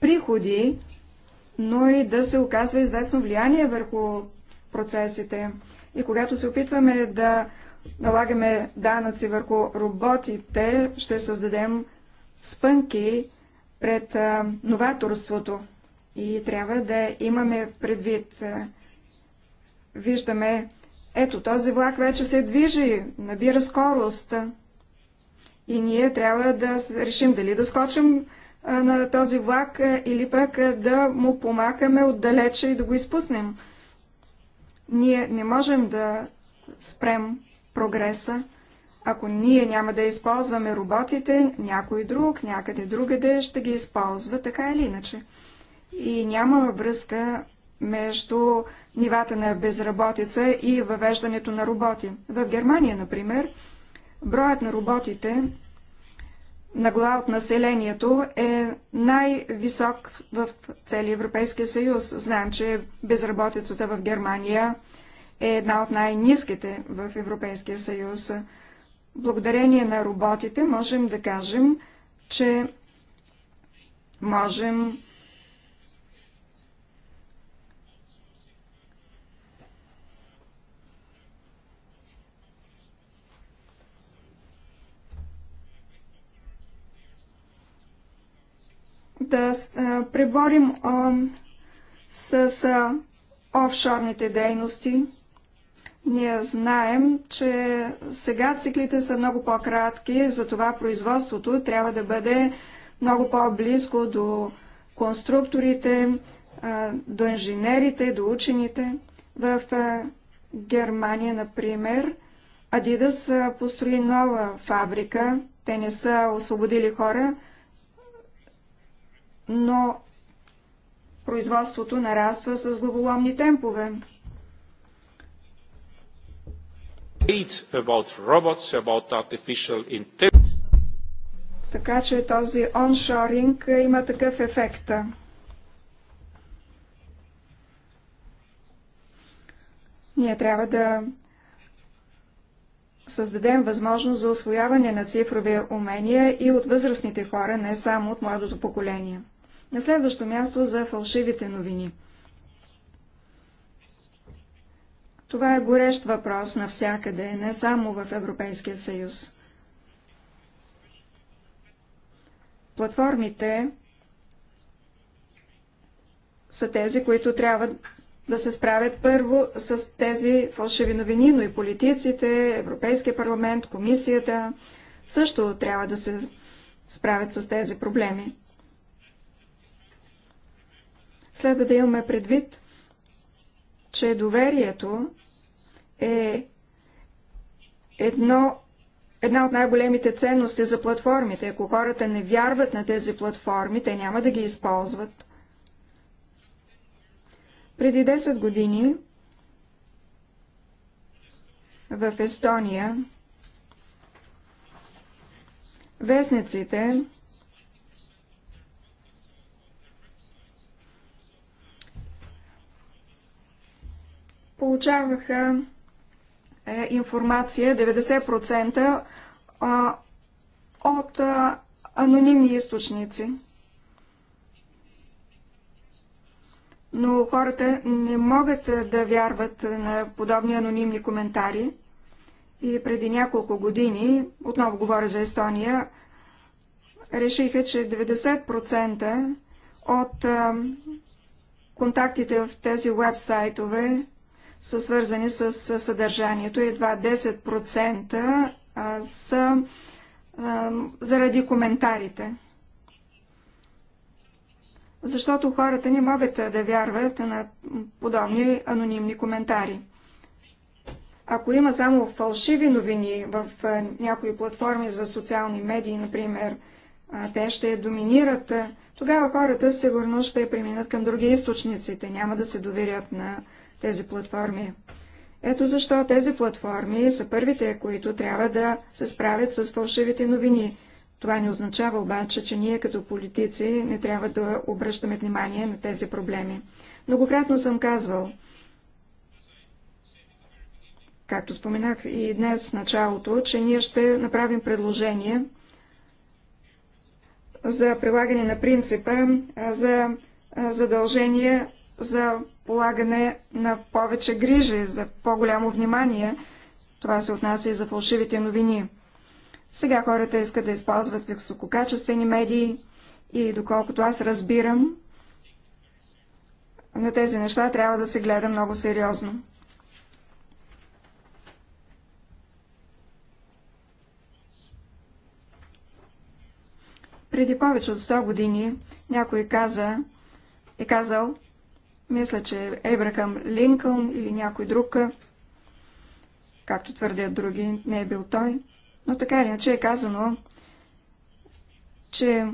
приходи, но и да се оказва известно влияние върху процесите. И когато се опитваме да налагаме данъци върху роботите, ще създадем спънки пред новаторството. И трябва да имаме предвид. виждаме, ето този влак вече се движи, набира скорост. И ние трябва да решим дали да скочим на този влак или пък да му помакаме отдалече и да го изпуснем. Ние не можем да спрем прогреса. Ако ние няма да използваме роботите, някой друг, някъде другаде ще ги използва, така или иначе. И няма връзка между нивата на безработица и въвеждането на роботи. В Германия, например, броят на роботите на глава от населението е най-висок в целия Европейския съюз. Знаем, че безработицата в Германия е една от най-низките в Европейския съюз. Благодарение на роботите можем да кажем, че можем да преборим с офшорните дейности. Ние знаем, че сега циклите са много по-кратки, затова производството трябва да бъде много по-близко до конструкторите, до инженерите, до учените. В Германия, например, Адидас построи нова фабрика. Те не са освободили хора, но производството нараства с главоломни темпове. About robots, about така че този оншоринг има такъв ефект. Ние трябва да създадем възможност за освояване на цифрови умения и от възрастните хора, не само от младото поколение. На следващо място за фалшивите новини. Това е горещ въпрос навсякъде, не само в Европейския съюз. Платформите са тези, които трябва да се справят първо с тези фалшиви новини, но и политиците, Европейския парламент, комисията също трябва да се справят с тези проблеми. Следва да имаме предвид, че доверието е едно, една от най-големите ценности за платформите. Ако хората не вярват на тези платформи, те няма да ги използват. Преди 10 години в Естония вестниците получаваха е, информация 90% от анонимни източници. Но хората не могат е, да вярват е, на подобни анонимни коментари. И преди няколко години, отново говоря за Естония, решиха, че 90% от контактите в тези вебсайтове са свързани с съдържанието. Едва 10% са заради коментарите. Защото хората не могат да вярват на подобни анонимни коментари. Ако има само фалшиви новини в някои платформи за социални медии, например, те ще доминират, тогава хората сигурно ще преминат към други източници. няма да се доверят на тези платформи. Ето защо тези платформи са първите, които трябва да се справят с фалшивите новини. Това не означава обаче, че ние като политици не трябва да обръщаме внимание на тези проблеми. Многократно съм казвал, както споменах и днес в началото, че ние ще направим предложение за прилагане на принципа за задължение за полагане на повече грижи, за по-голямо внимание. Това се отнася и за фалшивите новини. Сега хората искат да използват висококачествени медии и доколкото аз разбирам, на тези неща трябва да се гледа много сериозно. Преди повече от 100 години някой каза, е казал, мисля, че Ебрахам Линкълн или някой друг, както твърдят други, не е бил той. Но така или иначе е казано, че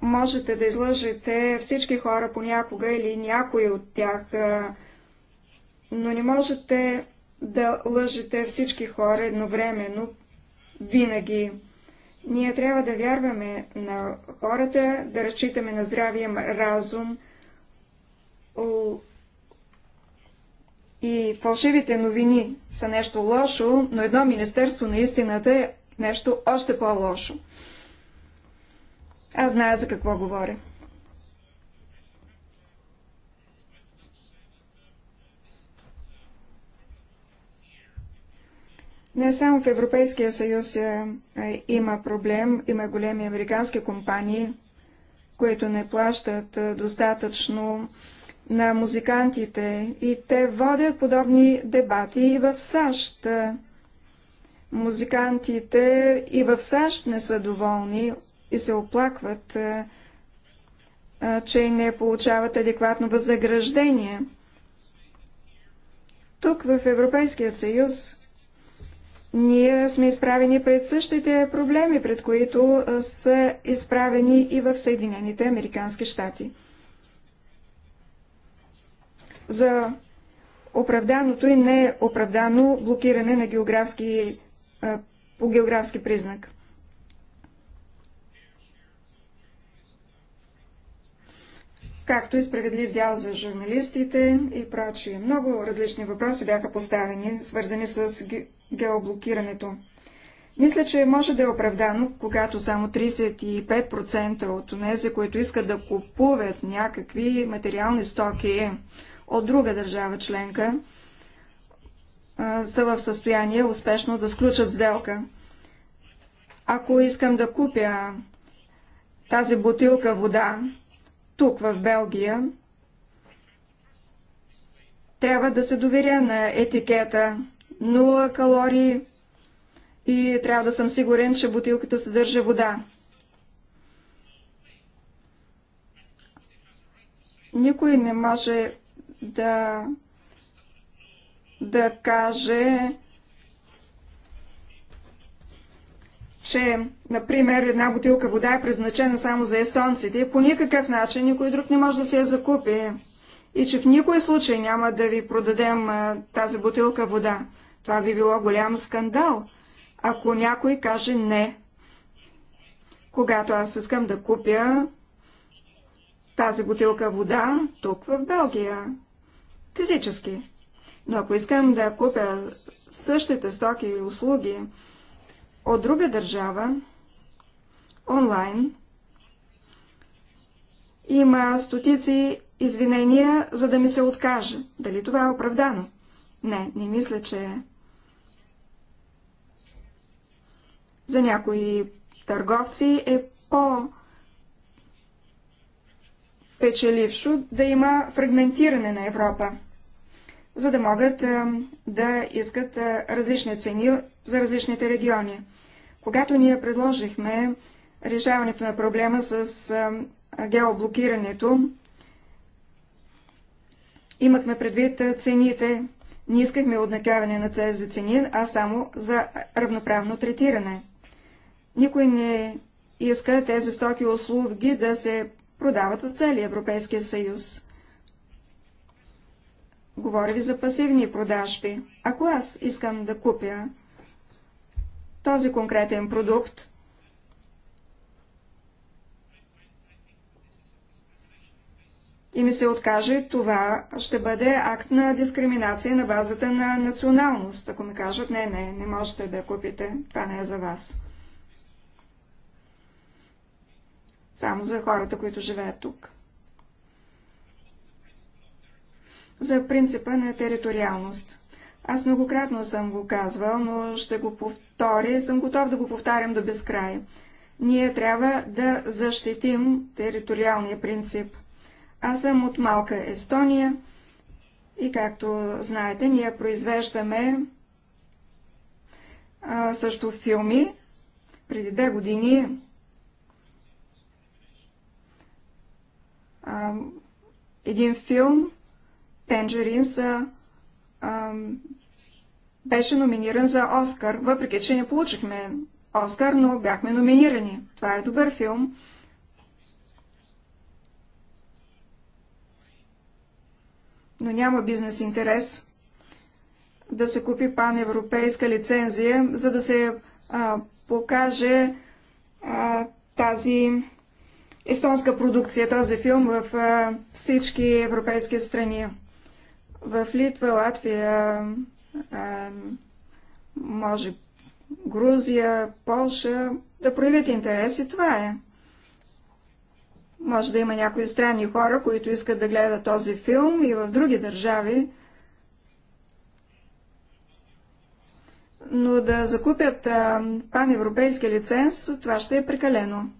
можете да излъжете всички хора понякога или някои от тях, но не можете да лъжете всички хора едновременно, винаги. Ние трябва да вярваме на хората, да разчитаме на здравия разум, и фалшивите новини са нещо лошо, но едно Министерство на истината е нещо още по-лошо. Аз зная за какво говоря. Не само в Европейския съюз е, е има проблем, има големи американски компании, които не плащат е, достатъчно е, на музикантите и те водят подобни дебати и в САЩ. Музикантите и в САЩ не са доволни и се оплакват, е, е, че не получават адекватно възнаграждение. Тук в Европейския съюз ние сме изправени пред същите проблеми, пред които е, са изправени и в Съединените Американски щати за оправданото и неоправдано блокиране на географски, по географски признак. както и справедлив дял за журналистите и прочие. Много различни въпроси бяха поставени, свързани с геоблокирането. Мисля, че може да е оправдано, когато само 35% от тези, които искат да купуват някакви материални стоки, от друга държава членка са в състояние успешно да сключат сделка. Ако искам да купя тази бутилка вода тук в Белгия, трябва да се доверя на етикета 0 калории и трябва да съм сигурен, че бутилката съдържа вода. Никой не може да, да каже, че, например, една бутилка вода е предназначена само за естонците по никакъв начин никой друг не може да се я закупи и че в никой случай няма да ви продадем а, тази бутилка вода. Това би било голям скандал, ако някой каже не. Когато аз искам да купя тази бутилка вода тук в Белгия, физически. Но ако искам да купя същите стоки и услуги от друга държава, онлайн, има стотици извинения, за да ми се откаже. Дали това е оправдано? Не, не мисля, че е. За някои търговци е по печелившо да има фрагментиране на Европа за да могат да искат различни цени за различните региони. Когато ние предложихме решаването на проблема с геоблокирането, имахме предвид цените. Не искахме отнакяване на тези цени, а само за равноправно третиране. Никой не иска тези стоки и услуги да се продават в целия Европейския съюз. Говоря ви за пасивни продажби. Ако аз искам да купя този конкретен продукт, и ми се откаже, това ще бъде акт на дискриминация на базата на националност. Ако ми кажат, не, не, не можете да купите, това не е за вас. Само за хората, които живеят тук. за принципа на териториалност. Аз многократно съм го казвал, но ще го повторя и съм готов да го повтарям до безкрай. Ние трябва да защитим териториалния принцип. Аз съм от малка Естония и, както знаете, ние произвеждаме а, също филми. Преди две години а, един филм ам, беше номиниран за Оскар, въпреки че не получихме Оскар, но бяхме номинирани. Това е добър филм. Но няма бизнес интерес да се купи паневропейска лицензия, за да се а, покаже а, тази естонска продукция, този филм в а, всички европейски страни. В Литва, Латвия, може Грузия, Полша да проявят интерес и това е. Може да има някои странни хора, които искат да гледат този филм и в други държави, но да закупят паневропейски лиценз, това ще е прекалено.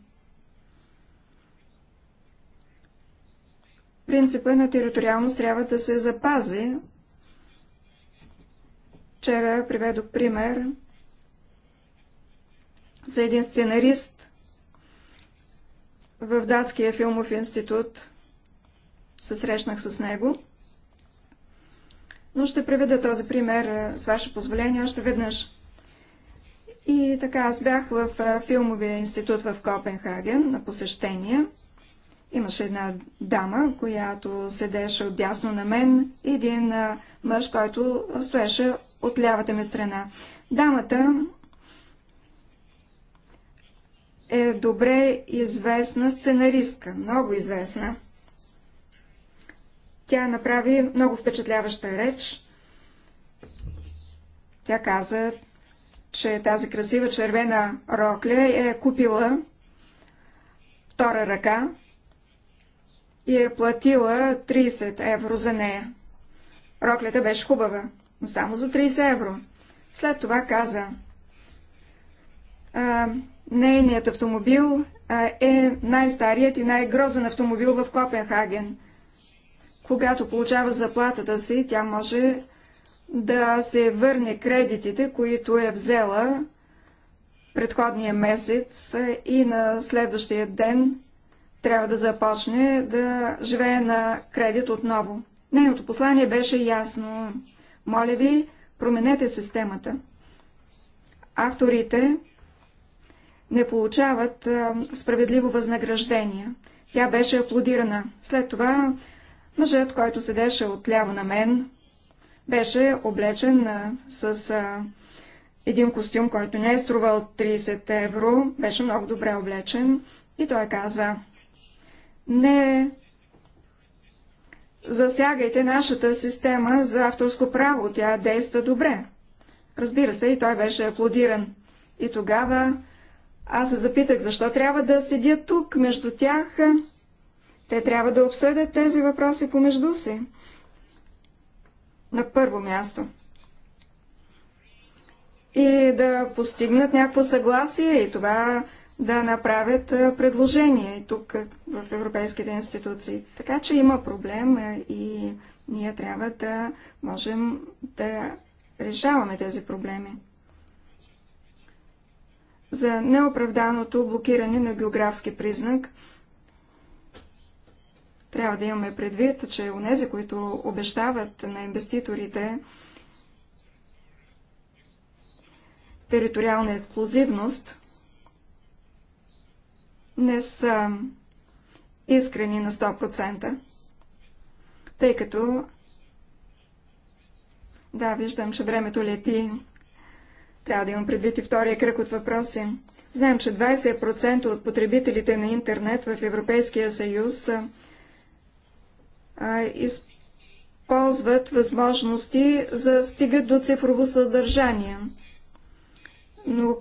Принципа на териториалност трябва да се запази. Вчера приведох пример за един сценарист в датския филмов институт. Се срещнах с него. Но ще приведа този пример с ваше позволение още веднъж. И така, аз бях в филмовия институт в Копенхаген на посещение – Имаше една дама, която седеше отдясно на мен и един мъж, който стоеше от лявата ми страна. Дамата е добре известна сценаристка, много известна. Тя направи много впечатляваща реч. Тя каза, че тази красива червена рокля е купила втора ръка и е платила 30 евро за нея. Роклята беше хубава, но само за 30 евро. След това каза, а, нейният автомобил а, е най-старият и най-грозен автомобил в Копенхаген. Когато получава заплатата си, тя може да се върне кредитите, които е взела предходния месец и на следващия ден трябва да започне да живее на кредит отново. Нейното послание беше ясно. Моля ви, променете системата. Авторите не получават справедливо възнаграждение. Тя беше аплодирана. След това мъжът, който седеше отляво на мен, беше облечен с а, един костюм, който не е струвал 30 евро, беше много добре облечен и той каза, не засягайте нашата система за авторско право, тя действа добре. Разбира се, и той беше аплодиран. И тогава аз се запитах, защо трябва да седя тук между тях. Те трябва да обсъдят тези въпроси помежду си. На първо място. И да постигнат някакво съгласие, и това да направят предложение тук в европейските институции. Така че има проблем и ние трябва да можем да решаваме тези проблеми. За неоправданото блокиране на географски признак трябва да имаме предвид, че онези, които обещават на инвеститорите териториална ексклюзивност, не са искрени на 100%, тъй като да, виждам, че времето лети. Трябва да имам предвид и втория кръг от въпроси. Знаем, че 20% от потребителите на интернет в Европейския съюз а, използват възможности за стигат до цифрово съдържание. Но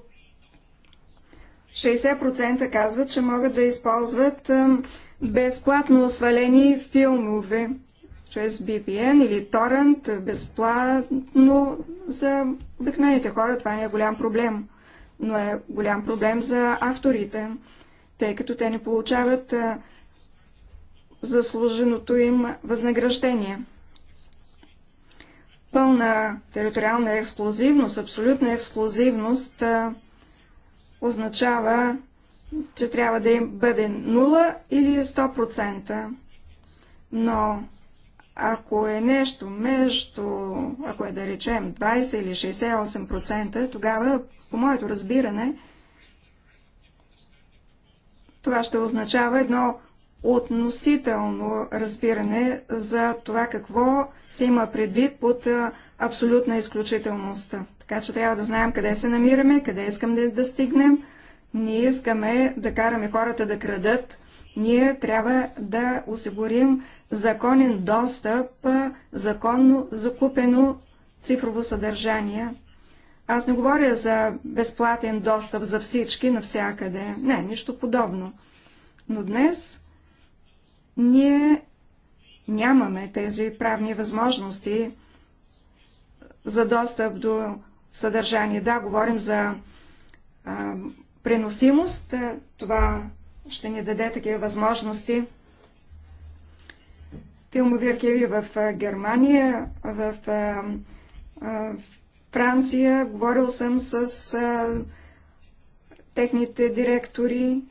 60% казват, че могат да използват безплатно свалени филмове чрез BPN или торент, безплатно за обикновените хора. Това не е голям проблем, но е голям проблем за авторите, тъй като те не получават заслуженото им възнаграждение. Пълна териториална ексклюзивност, абсолютна ексклюзивност – означава, че трябва да им бъде 0 или 100%. Е Но ако е нещо между, ако е да речем 20 или 68%, тогава, по моето разбиране, това ще означава едно относително разбиране за това какво се има предвид под абсолютна изключителността. Така че трябва да знаем къде се намираме, къде искам да, да стигнем. Ние искаме да караме хората да крадат. Ние трябва да осигурим законен достъп, законно закупено цифрово съдържание. Аз не говоря за безплатен достъп за всички навсякъде. Не, нищо подобно. Но днес ние нямаме тези правни възможности за достъп до съдържание. Да, говорим за а, преносимост. Е, това ще ни даде такива възможности. Филмови архиви в Германия, в а, а, Франция. Говорил съм с а, техните директори.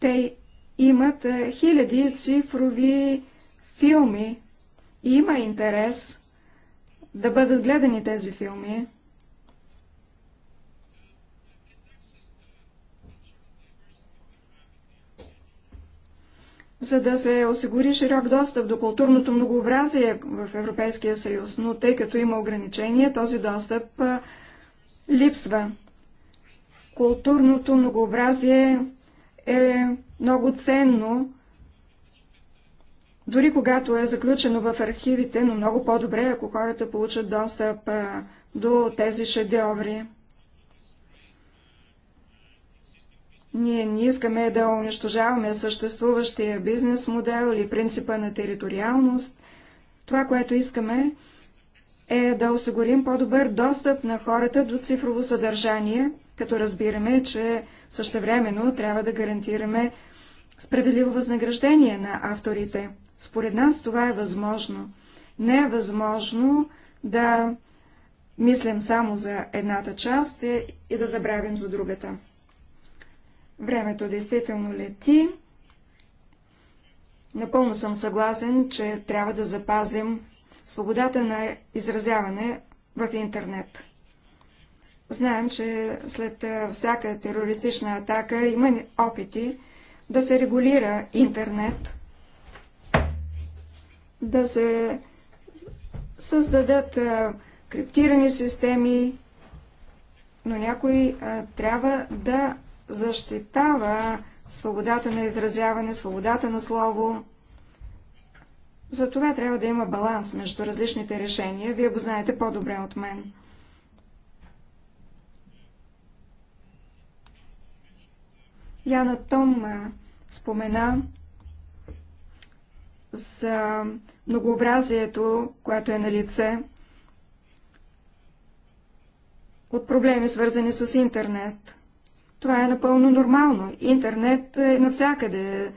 Те имат а, хиляди цифрови филми. Има интерес да бъдат гледани тези филми. за да се осигури широк достъп до културното многообразие в Европейския съюз, но тъй като има ограничения, този достъп липсва. Културното многообразие е много ценно дори когато е заключено в архивите, но много по-добре, е, ако хората получат достъп а, до тези шедеври. Ние не искаме да унищожаваме съществуващия бизнес модел или принципа на териториалност. Това, което искаме, е да осигурим по-добър достъп на хората до цифрово съдържание, като разбираме, че същевременно трябва да гарантираме справедливо възнаграждение на авторите. Според нас това е възможно. Не е възможно да мислим само за едната част и да забравим за другата. Времето действително лети. Напълно съм съгласен, че трябва да запазим свободата на изразяване в интернет. Знаем, че след всяка терористична атака има опити да се регулира интернет да се създадат криптирани системи, но някой трябва да защитава свободата на изразяване, свободата на слово. За това трябва да има баланс между различните решения. Вие го знаете по-добре от мен. Яна Том спомена за многообразието, което е на лице от проблеми, свързани с интернет. Това е напълно нормално. Интернет е навсякъде.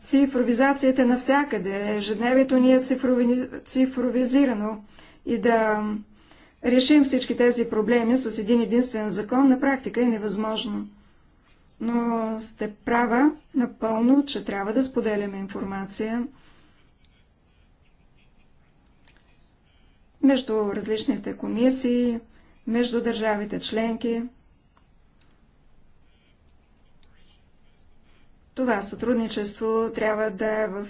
Цифровизацията е навсякъде. Ежедневието ни е цифрови... цифровизирано. И да решим всички тези проблеми с един единствен закон на практика е невъзможно. Но сте права напълно, че трябва да споделяме информация. между различните комисии, между държавите членки. Това сътрудничество трябва да е в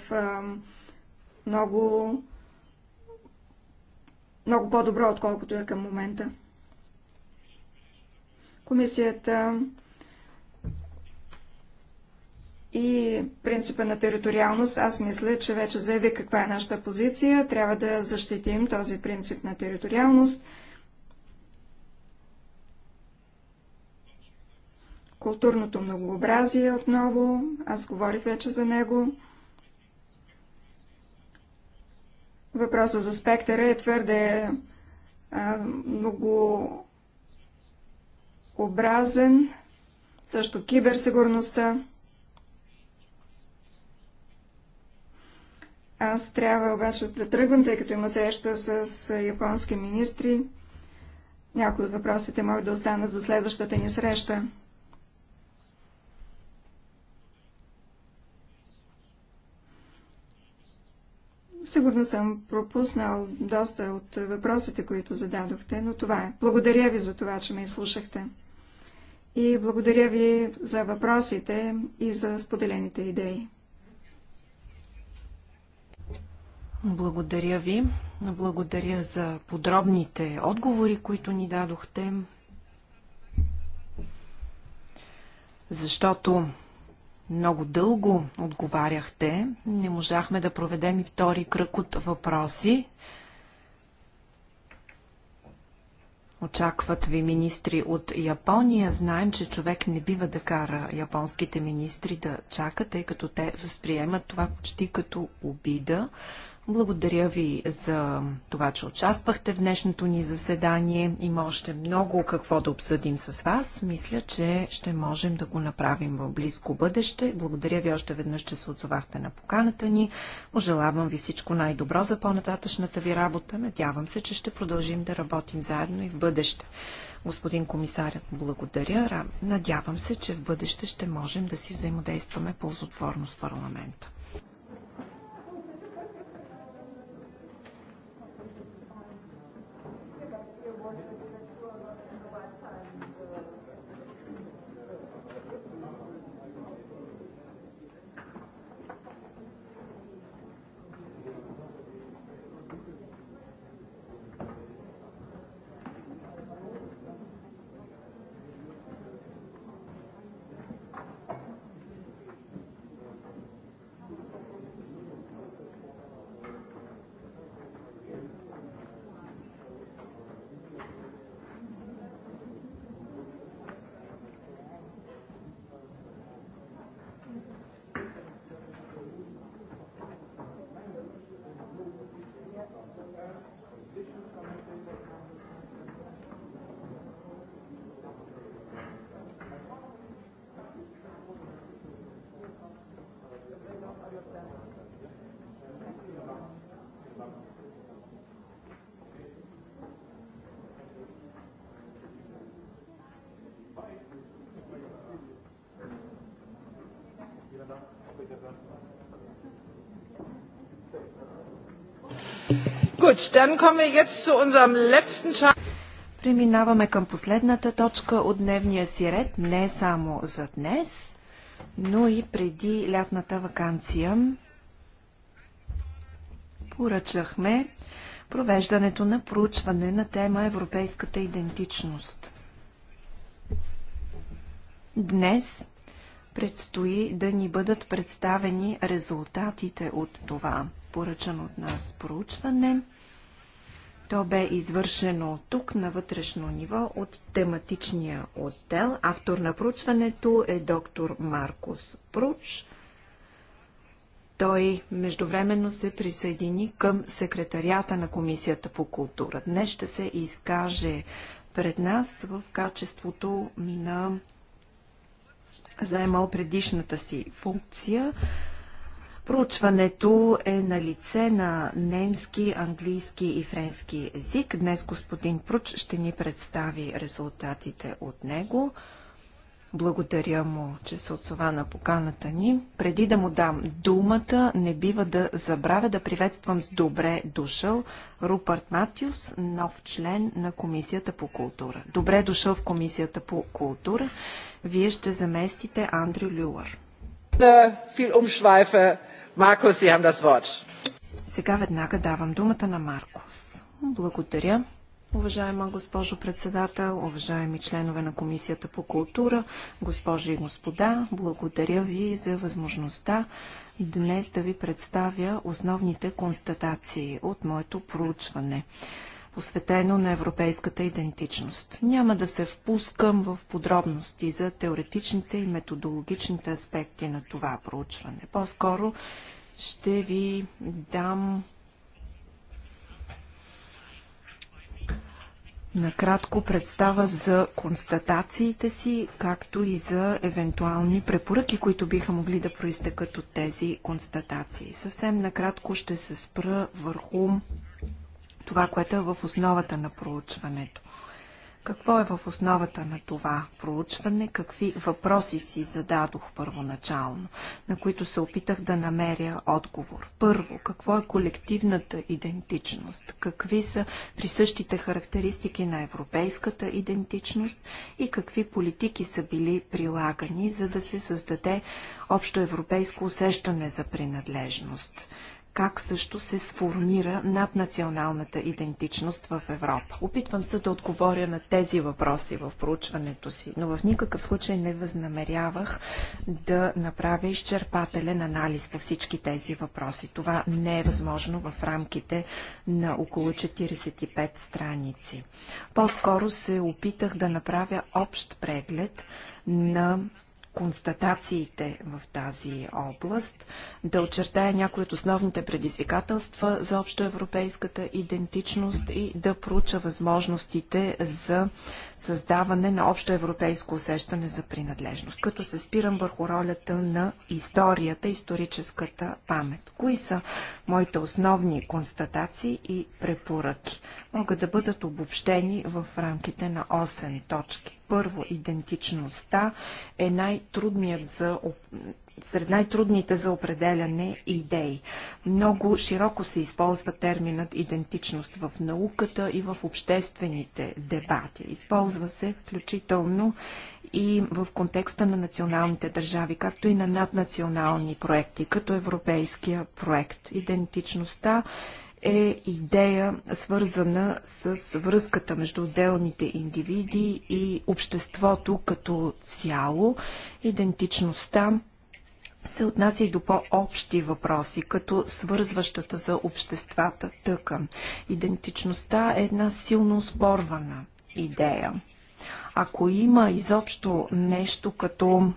много, много по-добро, отколкото е към момента. Комисията и принципа на териториалност, аз мисля, че вече заяви каква е нашата позиция. Трябва да защитим този принцип на териториалност. Културното многообразие отново, аз говорих вече за него. Въпросът за спектъра е твърде а, многообразен, също киберсигурността. Аз трябва обаче да тръгвам, тъй като има среща с японски министри. Някои от въпросите могат да останат за следващата ни среща. Сигурно съм пропуснал доста от въпросите, които зададохте, но това е. Благодаря ви за това, че ме изслушахте. И благодаря ви за въпросите и за споделените идеи. Благодаря ви. Благодаря за подробните отговори, които ни дадохте. Защото много дълго отговаряхте, не можахме да проведем и втори кръг от въпроси. Очакват ви министри от Япония. Знаем, че човек не бива да кара японските министри да чакат, тъй като те възприемат това почти като обида. Благодаря ви за това, че участвахте в днешното ни заседание. Има още много какво да обсъдим с вас. Мисля, че ще можем да го направим в близко бъдеще. Благодаря ви още веднъж, че се отзовахте на поканата ни. Пожелавам ви всичко най-добро за по-нататъчната ви работа. Надявам се, че ще продължим да работим заедно и в бъдеще. Господин комисарят, благодаря. Надявам се, че в бъдеще ще можем да си взаимодействаме ползотворно с парламента. Gut, dann kommen wir jetzt zu unserem letzten Tag. Преминаваме към последната точка от дневния си ред, не само за днес, но и преди лятната вакансия. Поръчахме провеждането на проучване на тема Европейската идентичност. Днес предстои да ни бъдат представени резултатите от това поръчано от нас проучване – то бе извършено тук на вътрешно ниво от тематичния отдел. Автор на проучването е доктор Маркус Пруч. Той междувременно се присъедини към секретарията на Комисията по култура. Днес ще се изкаже пред нас в качеството на заемал предишната си функция Проучването е на лице на немски, английски и френски език. Днес господин Пруч ще ни представи резултатите от него. Благодаря му, че се отсова на поканата ни. Преди да му дам думата, не бива да забравя да приветствам с добре дошъл Рупърт Матиус, нов член на Комисията по култура. Добре дошъл в Комисията по култура. Вие ще заместите Андрю Люър. Маркус, Сега веднага давам думата на Маркус. Благодаря. Уважаема госпожо председател, уважаеми членове на Комисията по култура, госпожи и господа, благодаря ви за възможността днес да ви представя основните констатации от моето проучване посветено на европейската идентичност. Няма да се впускам в подробности за теоретичните и методологичните аспекти на това проучване. По-скоро ще ви дам накратко представа за констатациите си, както и за евентуални препоръки, които биха могли да проистекат от тези констатации. Съвсем накратко ще се спра върху това, което е в основата на проучването. Какво е в основата на това проучване? Какви въпроси си зададох първоначално, на които се опитах да намеря отговор? Първо, какво е колективната идентичност? Какви са присъщите характеристики на европейската идентичност и какви политики са били прилагани, за да се създаде общо европейско усещане за принадлежност? как също се сформира наднационалната идентичност в Европа. Опитвам се да отговоря на тези въпроси в проучването си, но в никакъв случай не възнамерявах да направя изчерпателен анализ по всички тези въпроси. Това не е възможно в рамките на около 45 страници. По-скоро се опитах да направя общ преглед на констатациите в тази област, да очертая някои от основните предизвикателства за общоевропейската идентичност и да проуча възможностите за създаване на общоевропейско усещане за принадлежност, като се спирам върху ролята на историята, историческата памет. Кои са моите основни констатации и препоръки? могат да бъдат обобщени в рамките на 8 точки. Първо, идентичността е най-трудният за сред най-трудните за определяне идеи. Много широко се използва терминът идентичност в науката и в обществените дебати. Използва се включително и в контекста на националните държави, както и на наднационални проекти, като европейския проект. Идентичността е идея свързана с връзката между отделните индивиди и обществото като цяло. Идентичността се отнася и до по-общи въпроси, като свързващата за обществата тъкан. Идентичността е една силно спорвана идея. Ако има изобщо нещо като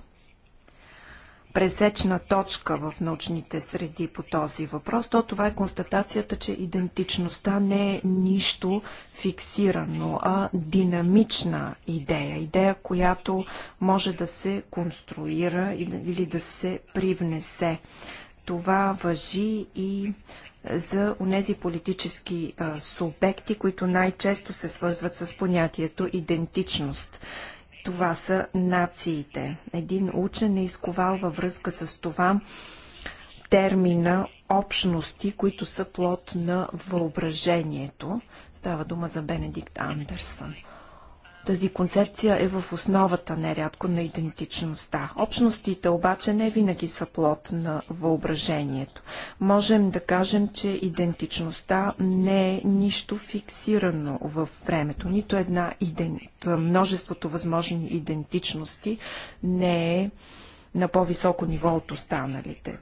пресечна точка в научните среди по този въпрос, то това е констатацията, че идентичността не е нищо фиксирано, а динамична идея. Идея, която може да се конструира или да се привнесе. Това въжи и за онези политически а, субекти, които най-често се свързват с понятието идентичност това са нациите. Един учен е изковал във връзка с това термина общности, които са плод на въображението. Става дума за Бенедикт Андерсън. Тази концепция е в основата нерядко на идентичността. Общностите обаче не винаги са плод на въображението. Можем да кажем, че идентичността не е нищо фиксирано в времето. Нито една иден... множеството възможни идентичности не е на по-високо ниво от останалите.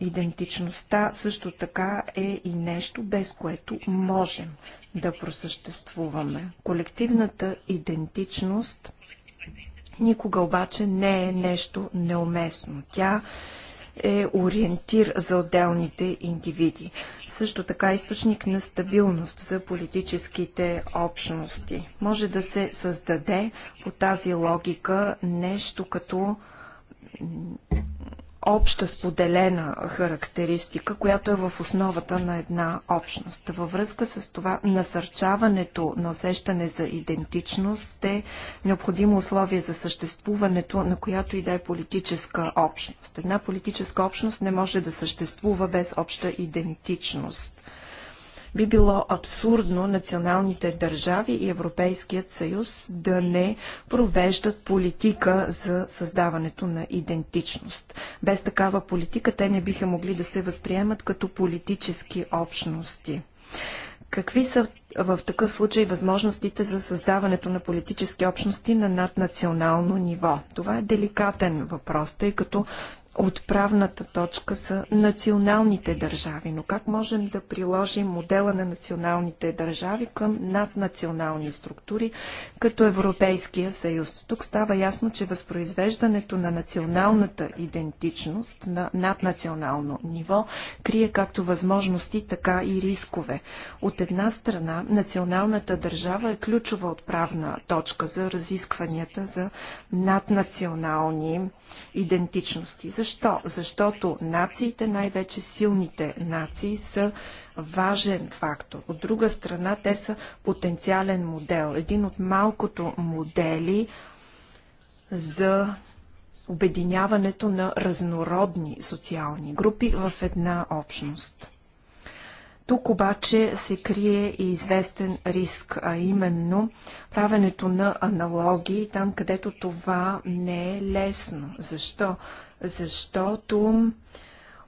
Идентичността също така е и нещо, без което можем да просъществуваме. Колективната идентичност никога обаче не е нещо неуместно. Тя е ориентир за отделните индивиди. Също така източник на стабилност за политическите общности. Може да се създаде по тази логика нещо като обща споделена характеристика, която е в основата на една общност. Във връзка с това насърчаването на усещане за идентичност е необходимо условие за съществуването на която и да е политическа общност. Една политическа общност не може да съществува без обща идентичност. Би било абсурдно националните държави и Европейският съюз да не провеждат политика за създаването на идентичност. Без такава политика те не биха могли да се възприемат като политически общности. Какви са в такъв случай възможностите за създаването на политически общности на наднационално ниво? Това е деликатен въпрос, тъй като отправната точка са националните държави, но как можем да приложим модела на националните държави към наднационални структури, като Европейския съюз? Тук става ясно, че възпроизвеждането на националната идентичност на наднационално ниво крие както възможности, така и рискове. От една страна, националната държава е ключова отправна точка за разискванията за наднационални идентичности защо? Защото нациите, най-вече силните нации, са важен фактор. От друга страна, те са потенциален модел. Един от малкото модели за обединяването на разнородни социални групи в една общност. Тук обаче се крие и известен риск, а именно правенето на аналогии там, където това не е лесно. Защо? Защото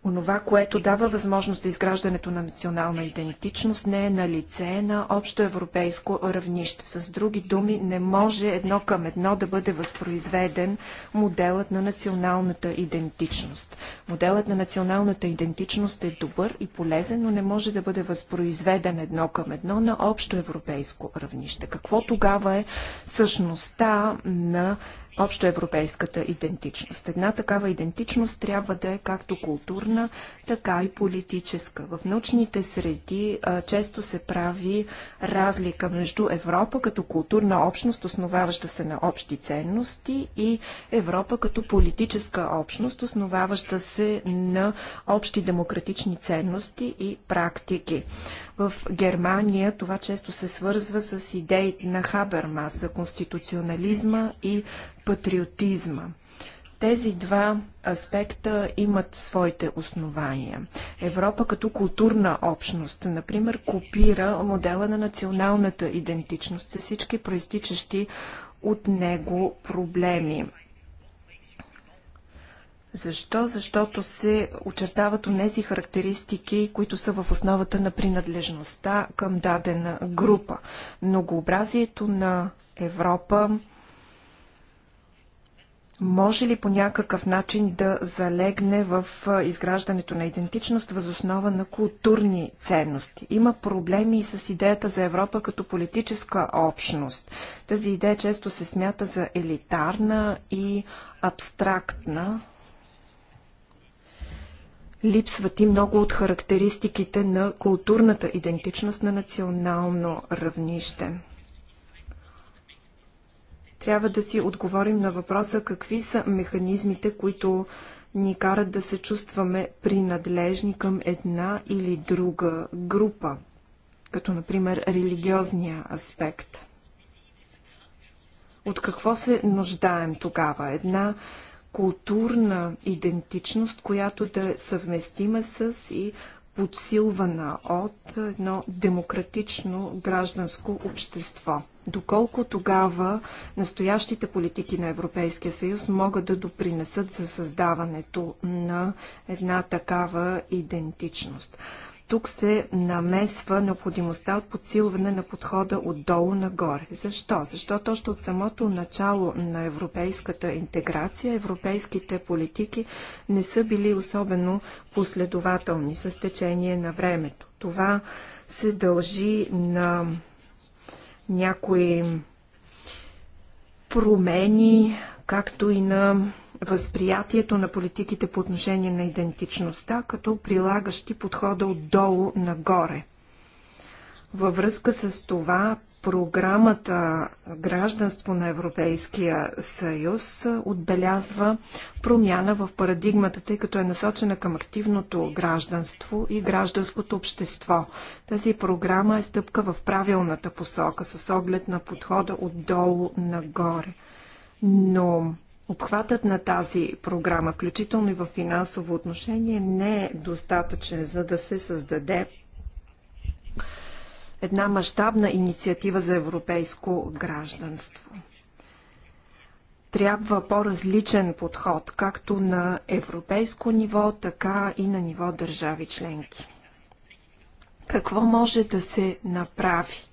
Онова, което дава възможност за изграждането на национална идентичност, не е на лице е на общо европейско равнище. С други думи, не може едно към едно да бъде възпроизведен моделът на националната идентичност. Моделът на националната идентичност е добър и полезен, но не може да бъде възпроизведен едно към едно на общо европейско равнище. Какво тогава е същността на общоевропейската идентичност. Една такава идентичност трябва да е както културна, така и политическа. В научните среди а, често се прави разлика между Европа като културна общност, основаваща се на общи ценности, и Европа като политическа общност, основаваща се на общи демократични ценности и практики. В Германия това често се свързва с идеите на хабермаса, за конституционализма и патриотизма. Тези два аспекта имат своите основания. Европа като културна общност, например, копира модела на националната идентичност с всички проистичащи от него проблеми. Защо? Защото се очертават унези характеристики, които са в основата на принадлежността към дадена група. Многообразието на Европа може ли по някакъв начин да залегне в изграждането на идентичност възоснова на културни ценности? Има проблеми и с идеята за Европа като политическа общност. Тази идея често се смята за елитарна и абстрактна, Липсват и много от характеристиките на културната идентичност на национално равнище. Трябва да си отговорим на въпроса какви са механизмите, които ни карат да се чувстваме принадлежни към една или друга група, като например религиозния аспект. От какво се нуждаем тогава? Една културна идентичност, която да е съвместима с и подсилвана от едно демократично гражданско общество. Доколко тогава настоящите политики на Европейския съюз могат да допринесат за създаването на една такава идентичност. Тук се намесва необходимостта от подсилване на подхода отдолу нагоре. Защо? Защото още от самото начало на европейската интеграция европейските политики не са били особено последователни с течение на времето. Това се дължи на някои промени, както и на възприятието на политиките по отношение на идентичността, като прилагащи подхода отдолу нагоре. Във връзка с това, програмата Гражданство на Европейския съюз отбелязва промяна в парадигмата, тъй като е насочена към активното гражданство и гражданското общество. Тази програма е стъпка в правилната посока с оглед на подхода отдолу нагоре. Но Обхватът на тази програма, включително и в финансово отношение, не е достатъчен, за да се създаде една мащабна инициатива за европейско гражданство. Трябва по-различен подход, както на европейско ниво, така и на ниво държави членки. Какво може да се направи?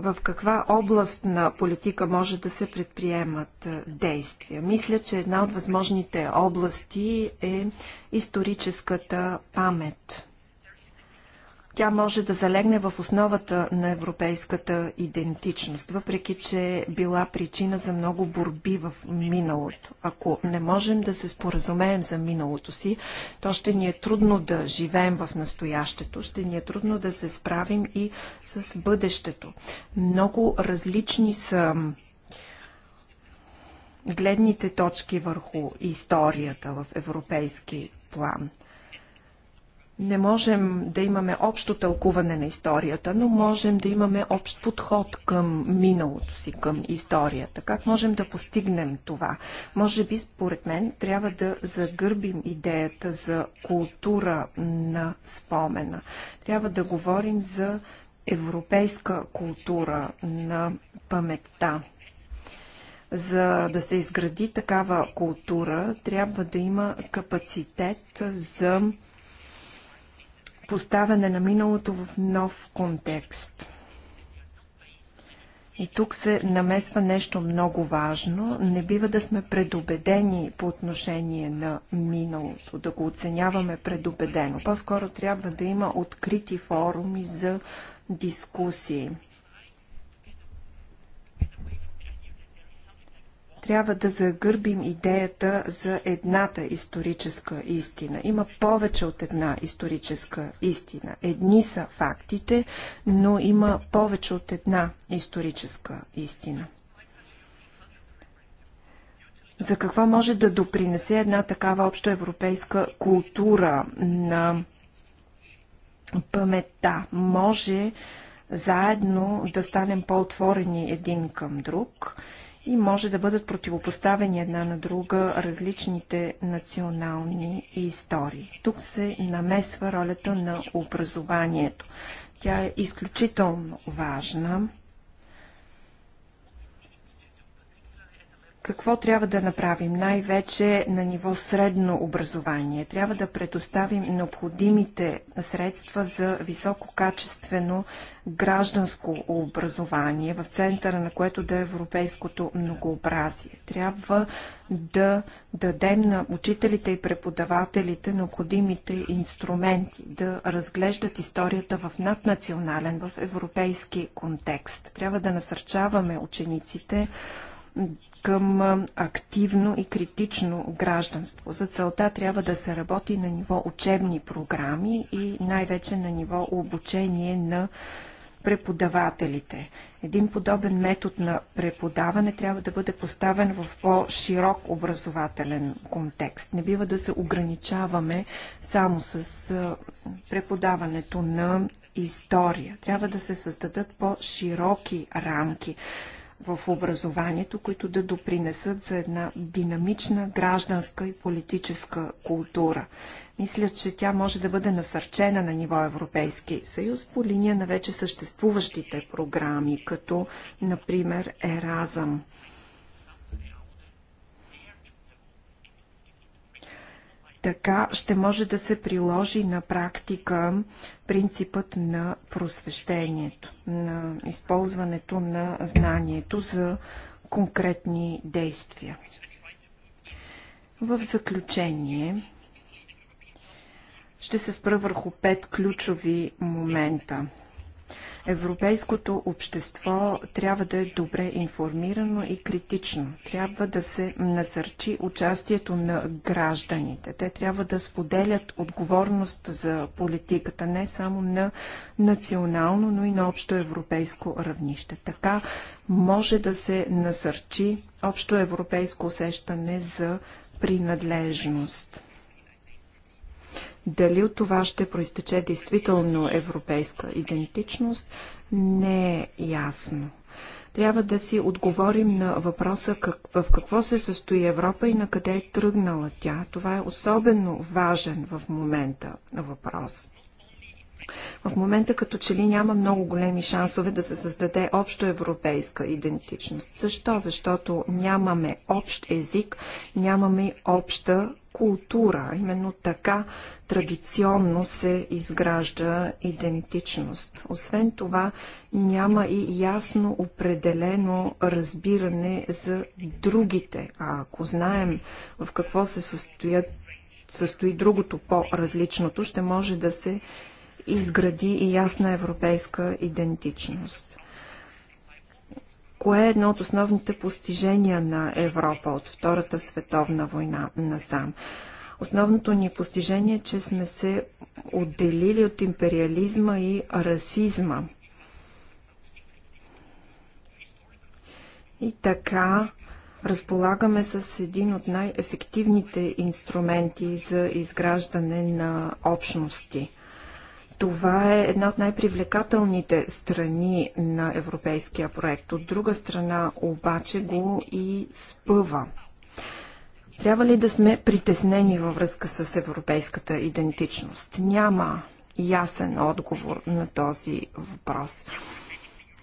в каква област на политика може да се предприемат действия. Мисля, че една от възможните области е историческата памет. Тя може да залегне в основата на европейската идентичност, въпреки че е била причина за много борби в миналото. Ако не можем да се споразумеем за миналото си, то ще ни е трудно да живеем в настоящето, ще ни е трудно да се справим и с бъдещето. Много различни са гледните точки върху историята в европейски план. Не можем да имаме общо тълкуване на историята, но можем да имаме общ подход към миналото си, към историята. Как можем да постигнем това? Може би, според мен, трябва да загърбим идеята за култура на спомена. Трябва да говорим за европейска култура на паметта. За да се изгради такава култура, трябва да има капацитет за поставяне на миналото в нов контекст. И тук се намесва нещо много важно. Не бива да сме предубедени по отношение на миналото, да го оценяваме предубедено. По-скоро трябва да има открити форуми за дискусии. трябва да загърбим идеята за едната историческа истина. Има повече от една историческа истина. Едни са фактите, но има повече от една историческа истина. За какво може да допринесе една такава европейска култура на паметта? Може заедно да станем по-отворени един към друг – и може да бъдат противопоставени една на друга различните национални истории. Тук се намесва ролята на образованието. Тя е изключително важна. Какво трябва да направим? Най-вече на ниво средно образование. Трябва да предоставим необходимите средства за висококачествено гражданско образование, в центъра на което да е европейското многообразие. Трябва да дадем на учителите и преподавателите необходимите инструменти да разглеждат историята в наднационален, в европейски контекст. Трябва да насърчаваме учениците към активно и критично гражданство. За целта трябва да се работи на ниво учебни програми и най-вече на ниво обучение на преподавателите. Един подобен метод на преподаване трябва да бъде поставен в по-широк образователен контекст. Не бива да се ограничаваме само с преподаването на история. Трябва да се създадат по-широки рамки в образованието, които да допринесат за една динамична гражданска и политическа култура. Мисля, че тя може да бъде насърчена на ниво Европейски съюз по линия на вече съществуващите програми, като например Еразъм. Така ще може да се приложи на практика принципът на просвещението, на използването на знанието за конкретни действия. В заключение ще се спра върху пет ключови момента. Европейското общество трябва да е добре информирано и критично. Трябва да се насърчи участието на гражданите. Те трябва да споделят отговорност за политиката не само на национално, но и на общо европейско равнище. Така може да се насърчи общо европейско усещане за принадлежност. Дали от това ще проистече действително европейска идентичност, не е ясно. Трябва да си отговорим на въпроса как, в какво се състои Европа и на къде е тръгнала тя. Това е особено важен в момента въпрос. В момента като че ли няма много големи шансове да се създаде общо европейска идентичност. Защо? Защото нямаме общ език, нямаме обща култура. Именно така традиционно се изгражда идентичност. Освен това, няма и ясно определено разбиране за другите. А ако знаем в какво се състоят, състои другото по-различното, ще може да се изгради и ясна европейска идентичност. Кое е едно от основните постижения на Европа от Втората световна война насам? Основното ни постижение е, че сме се отделили от империализма и расизма. И така разполагаме с един от най-ефективните инструменти за изграждане на общности – това е една от най-привлекателните страни на европейския проект. От друга страна обаче го и спъва. Трябва ли да сме притеснени във връзка с европейската идентичност? Няма ясен отговор на този въпрос.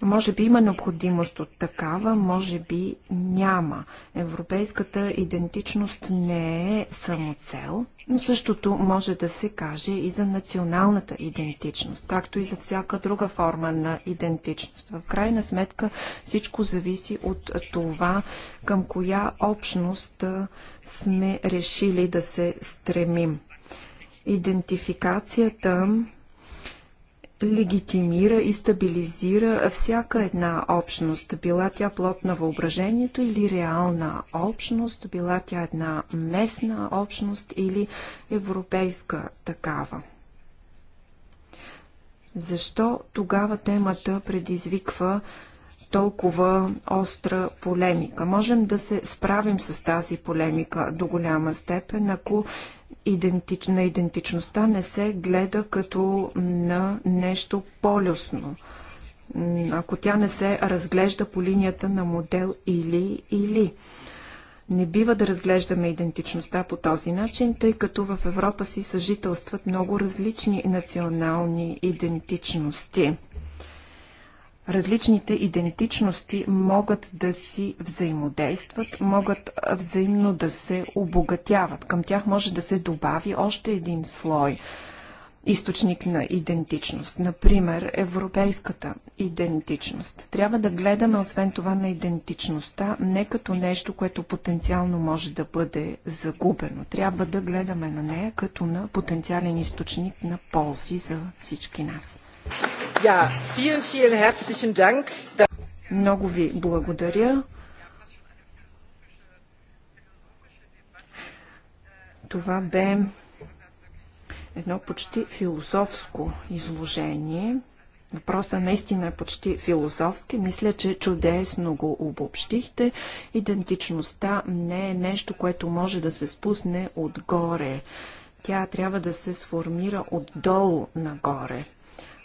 Може би има необходимост от такава, може би няма. Европейската идентичност не е самоцел. Но същото може да се каже и за националната идентичност, както и за всяка друга форма на идентичност. В крайна сметка всичко зависи от това към коя общност сме решили да се стремим. Идентификацията легитимира и стабилизира всяка една общност, била тя плод на въображението или реална общност, била тя една местна общност или европейска такава. Защо тогава темата предизвиква толкова остра полемика. Можем да се справим с тази полемика до голяма степен, ако идентич... на идентичността не се гледа като на нещо полюсно. Ако тя не се разглежда по линията на модел или или. Не бива да разглеждаме идентичността по този начин, тъй като в Европа си съжителстват много различни национални идентичности различните идентичности могат да си взаимодействат, могат взаимно да се обогатяват. Към тях може да се добави още един слой източник на идентичност, например европейската идентичност. Трябва да гледаме освен това на идентичността не като нещо, което потенциално може да бъде загубено. Трябва да гледаме на нея като на потенциален източник на ползи за всички нас. Много ви благодаря. Това бе едно почти философско изложение. Въпросът наистина е почти философски. Мисля, че чудесно го обобщихте. Идентичността не е нещо, което може да се спусне отгоре. Тя трябва да се сформира отдолу нагоре.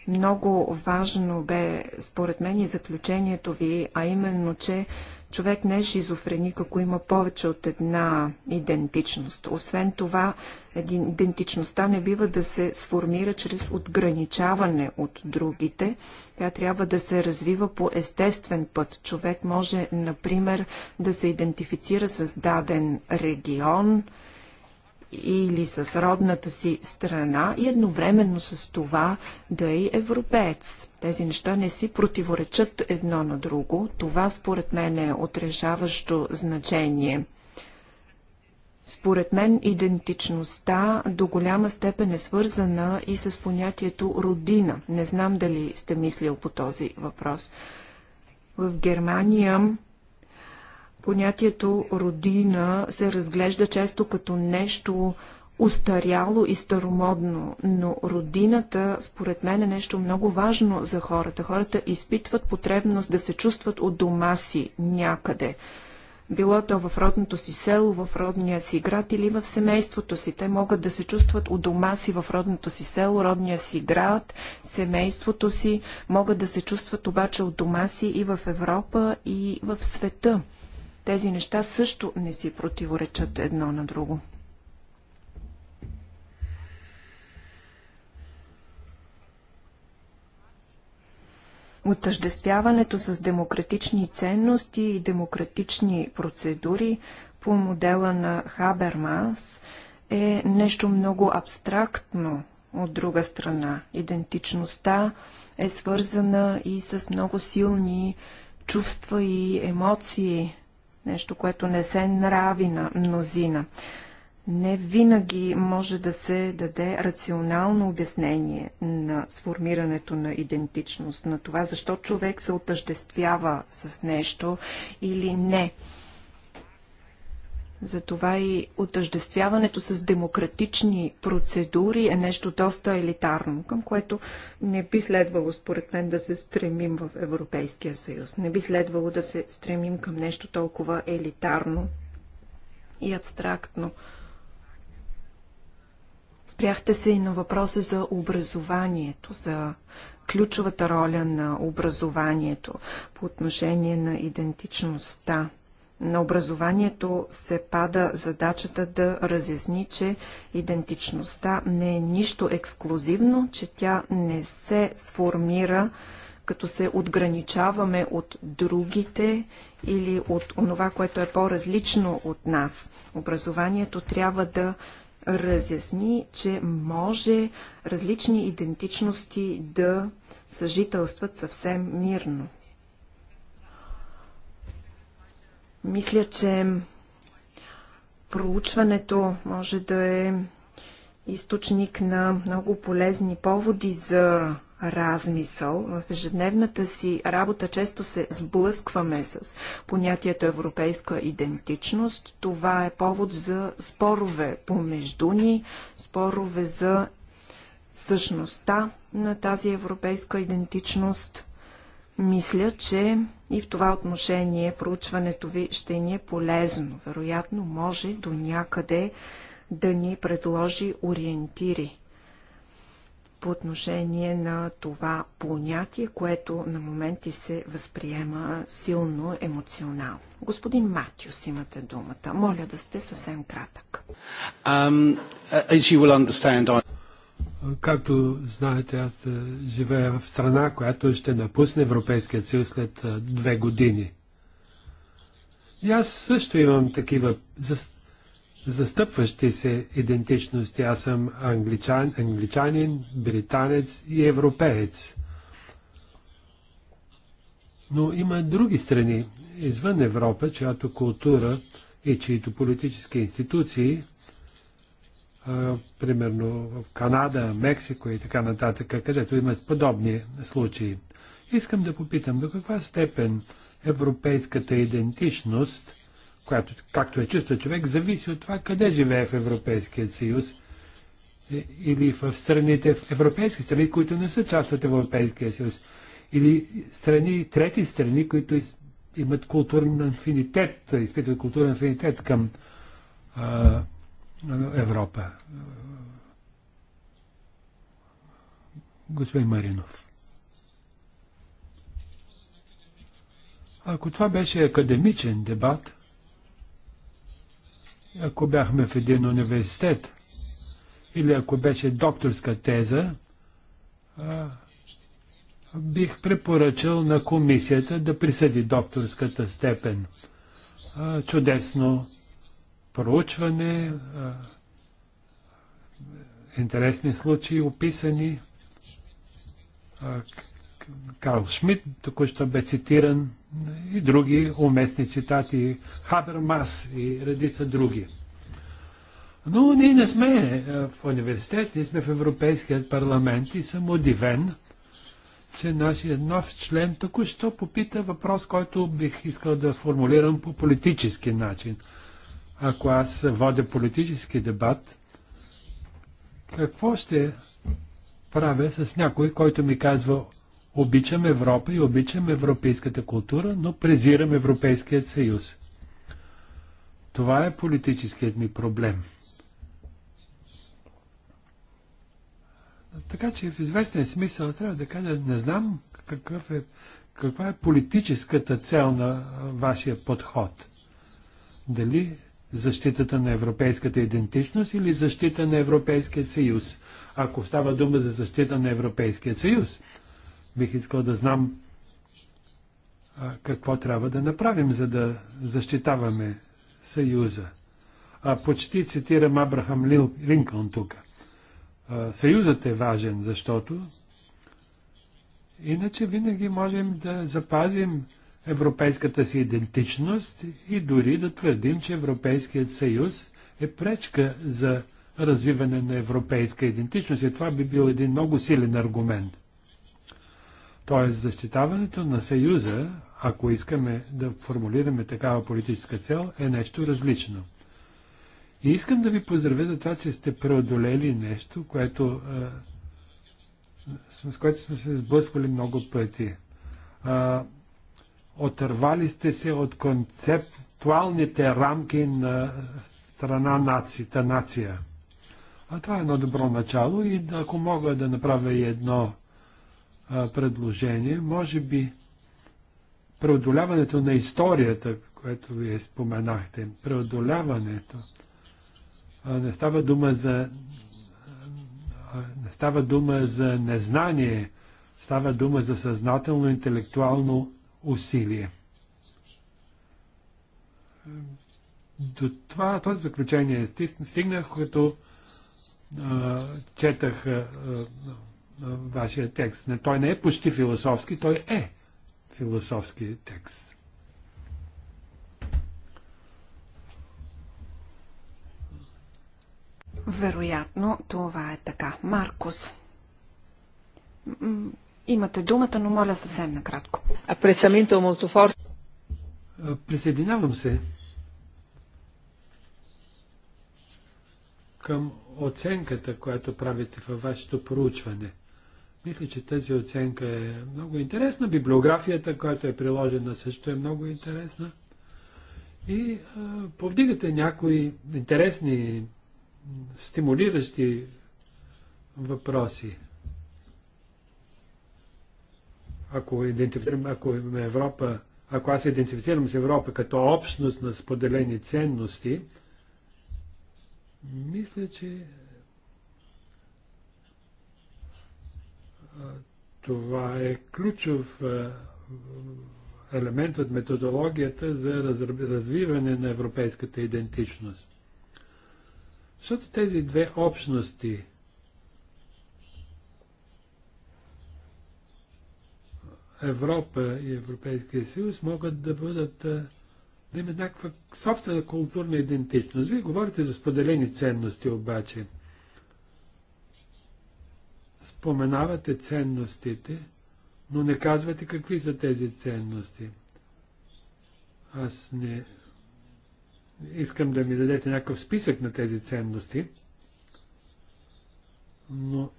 Много важно бе, според мен, и заключението ви, а именно, че човек не е шизофреник, ако има повече от една идентичност. Освен това, идентичността не бива да се сформира чрез отграничаване от другите. Тя трябва да се развива по естествен път. Човек може, например, да се идентифицира с даден регион, или с родната си страна и едновременно с това да е европеец. Тези неща не си противоречат едно на друго. Това според мен е отрешаващо значение. Според мен идентичността до голяма степен е свързана и с понятието родина. Не знам дали сте мислил по този въпрос. В Германия Понятието родина се разглежда често като нещо устаряло и старомодно, но родината според мен е нещо много важно за хората. Хората изпитват потребност да се чувстват от дома си някъде. Било то в родното си село, в родния си град или в семейството си. Те могат да се чувстват у дома си в родното си село, родния си град, семейството си. Могат да се чувстват обаче от дома си и в Европа, и в света. Тези неща също не си противоречат едно на друго. Отъждествяването с демократични ценности и демократични процедури по модела на Хабермас е нещо много абстрактно от друга страна. Идентичността е свързана и с много силни чувства и емоции. Нещо, което не се нрави на мнозина. Не винаги може да се даде рационално обяснение на сформирането на идентичност, на това защо човек се отъждествява с нещо или не. Затова и отъждествяването с демократични процедури е нещо доста елитарно, към което не би следвало, според мен, да се стремим в Европейския съюз. Не би следвало да се стремим към нещо толкова елитарно и абстрактно. Спряхте се и на въпроса за образованието, за ключовата роля на образованието по отношение на идентичността. На образованието се пада задачата да разясни, че идентичността не е нищо ексклюзивно, че тя не се сформира като се отграничаваме от другите или от онова, което е по-различно от нас. Образованието трябва да разясни, че може различни идентичности да съжителстват съвсем мирно. Мисля, че проучването може да е източник на много полезни поводи за размисъл. В ежедневната си работа често се сблъскваме с понятието европейска идентичност. Това е повод за спорове помежду ни, спорове за същността на тази европейска идентичност. Мисля, че и в това отношение проучването ви ще ни е полезно. Вероятно може до някъде да ни предложи ориентири по отношение на това понятие, което на моменти се възприема силно емоционално. Господин Матиус, имате думата. Моля да сте съвсем кратък. Um, I... Както знаете, аз е, живея в страна, която ще напусне Европейския съюз след е, две години. И аз също имам такива застъпващи се идентичности. Аз съм англичан, англичанин, британец и европеец. Но има други страни извън Европа, чиято култура и чието политически институции примерно в Канада, Мексико и така нататък, където имат подобни случаи. Искам да попитам до каква степен европейската идентичност, която, както е чувства човек, зависи от това къде живее в Европейския съюз е, или в страните, в европейски страни, които не са част от Европейския съюз, или страни, трети страни, които имат културен афинитет, изпитват културен афинитет към а, Европа. Господин Маринов. Ако това беше академичен дебат, ако бяхме в един университет, или ако беше докторска теза, а, бих препоръчал на комисията да присъди докторската степен. А, чудесно проучване, интересни случаи описани. Карл Шмидт току-що бе цитиран и други уместни цитати, Хабермас и редица други. Но ние не сме в университет, ние сме в Европейският парламент и съм удивен, че нашият нов член току-що попита въпрос, който бих искал да формулирам по политически начин – ако аз водя политически дебат, какво ще правя с някой, който ми казва обичам Европа и обичам европейската култура, но презирам Европейският съюз. Това е политическият ми проблем. Така че в известен смисъл трябва да кажа, не знам какъв е, каква е политическата цел на вашия подход. Дали защитата на европейската идентичност или защита на Европейския съюз? Ако става дума за защита на Европейския съюз, бих искал да знам а, какво трябва да направим, за да защитаваме съюза. А, почти цитирам Абрахам Линкълн тук. А, съюзът е важен, защото иначе винаги можем да запазим европейската си идентичност и дори да твърдим, че Европейският съюз е пречка за развиване на европейска идентичност и това би бил един много силен аргумент. Тоест защитаването на съюза, ако искаме да формулираме такава политическа цел, е нещо различно. И искам да ви поздравя за това, че сте преодолели нещо, което, а, с което сме се сблъсквали много пъти. А, отървали сте се от концептуалните рамки на страна нацията, нация. А това е едно добро начало и ако мога да направя и едно а, предложение, може би преодоляването на историята, което вие споменахте, преодоляването, а, не става дума за не става дума за незнание, става дума за съзнателно интелектуално усилие. До това, този заключение стигнах, като а, четах а, а, вашия текст. Не, той не е почти философски, той е философски текст. Вероятно, това е така. Маркус. Имате думата, но моля съвсем накратко. А пред самите Молтофор. Присъединявам се към оценката, която правите във вашето проучване. Мисля, че тази оценка е много интересна. Библиографията, която е приложена, също е много интересна. И а, е, повдигате някои интересни, стимулиращи въпроси ако, идентифицирам, ако Европа, ако аз идентифицирам с Европа като общност на споделени ценности, мисля, че това е ключов елемент от методологията за развиване на европейската идентичност. Защото тези две общности, Европа и Европейския съюз могат да бъдат да имат някаква собствена културна идентичност. Вие говорите за споделени ценности обаче. Споменавате ценностите, но не казвате какви са тези ценности. Аз не искам да ми дадете някакъв списък на тези ценности, но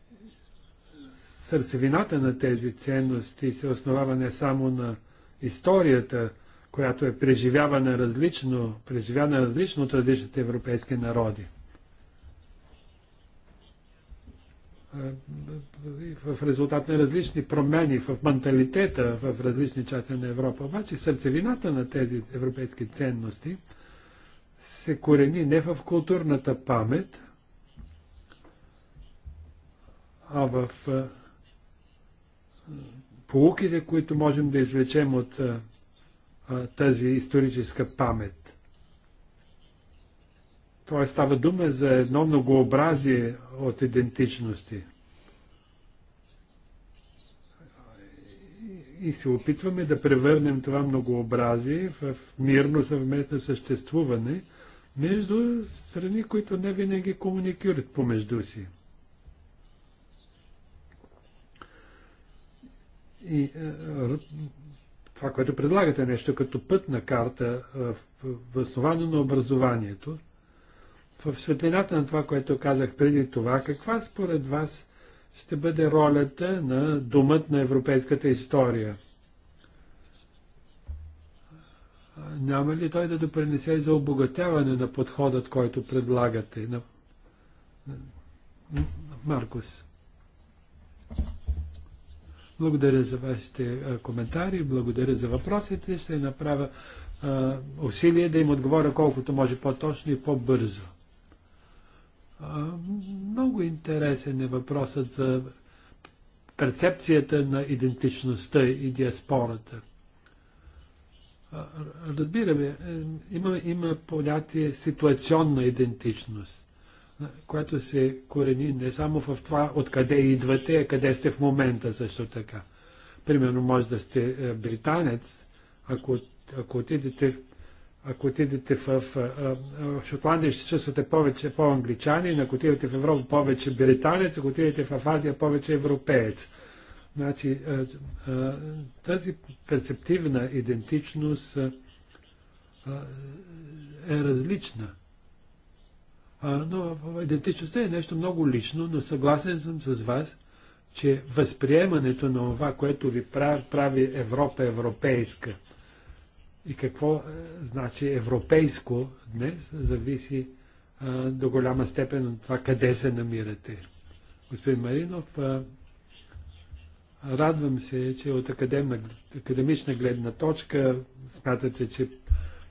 сърцевината на тези ценности се основава не само на историята, която е преживявана различно, преживяна различно от различните европейски народи. В резултат на различни промени в менталитета в различни части на Европа. Обаче сърцевината на тези европейски ценности се корени не в културната памет, а в полуките, които можем да извлечем от а, тази историческа памет. Тоест става дума за едно многообразие от идентичности. И се опитваме да превърнем това многообразие в мирно съвместно съществуване между страни, които не винаги комуникират помежду си. И е, това, което предлагате е нещо като пътна карта, е, основано на образованието, в светлината на това, което казах преди това, каква според вас ще бъде ролята на думът на европейската история? Няма ли той да допринесе за обогатяване на подходът, който предлагате? На... Маркус. Благодаря за вашите коментари, благодаря за въпросите. Ще направя усилие да им отговоря колкото може по-точно и по-бързо. Много интересен е въпросът за перцепцията на идентичността и диаспората. Разбираме, е, има, има понятие ситуационна идентичност която се корени не само в това откъде идвате, а къде сте в момента също така. Примерно може да сте е, британец, ако, ако отидете ако отидете в, в, е, е, в Шотландия, ще чувствате повече по-англичани, ако отидете в Европа, повече британец, ако отидете в Азия, повече европеец. Значи, тази перцептивна идентичност е различна но идентичността е нещо много лично, но съгласен съм с вас, че възприемането на това, което ви прави Европа европейска и какво е, значи европейско днес, зависи а, до голяма степен от това къде се намирате. Господин Маринов, а, радвам се, че от академна, академична гледна точка смятате, че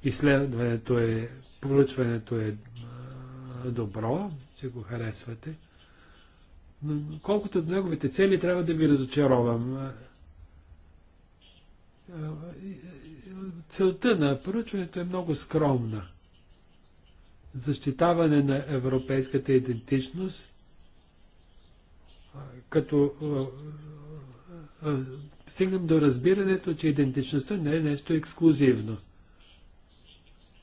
изследването е, проучването е е, добро, че го харесвате. Но колкото от неговите цели трябва да ви разочаровам. Е, е, целта на поручването е много скромна. Защитаване на европейската идентичност като стигнем до разбирането, че идентичността не е нещо ексклюзивно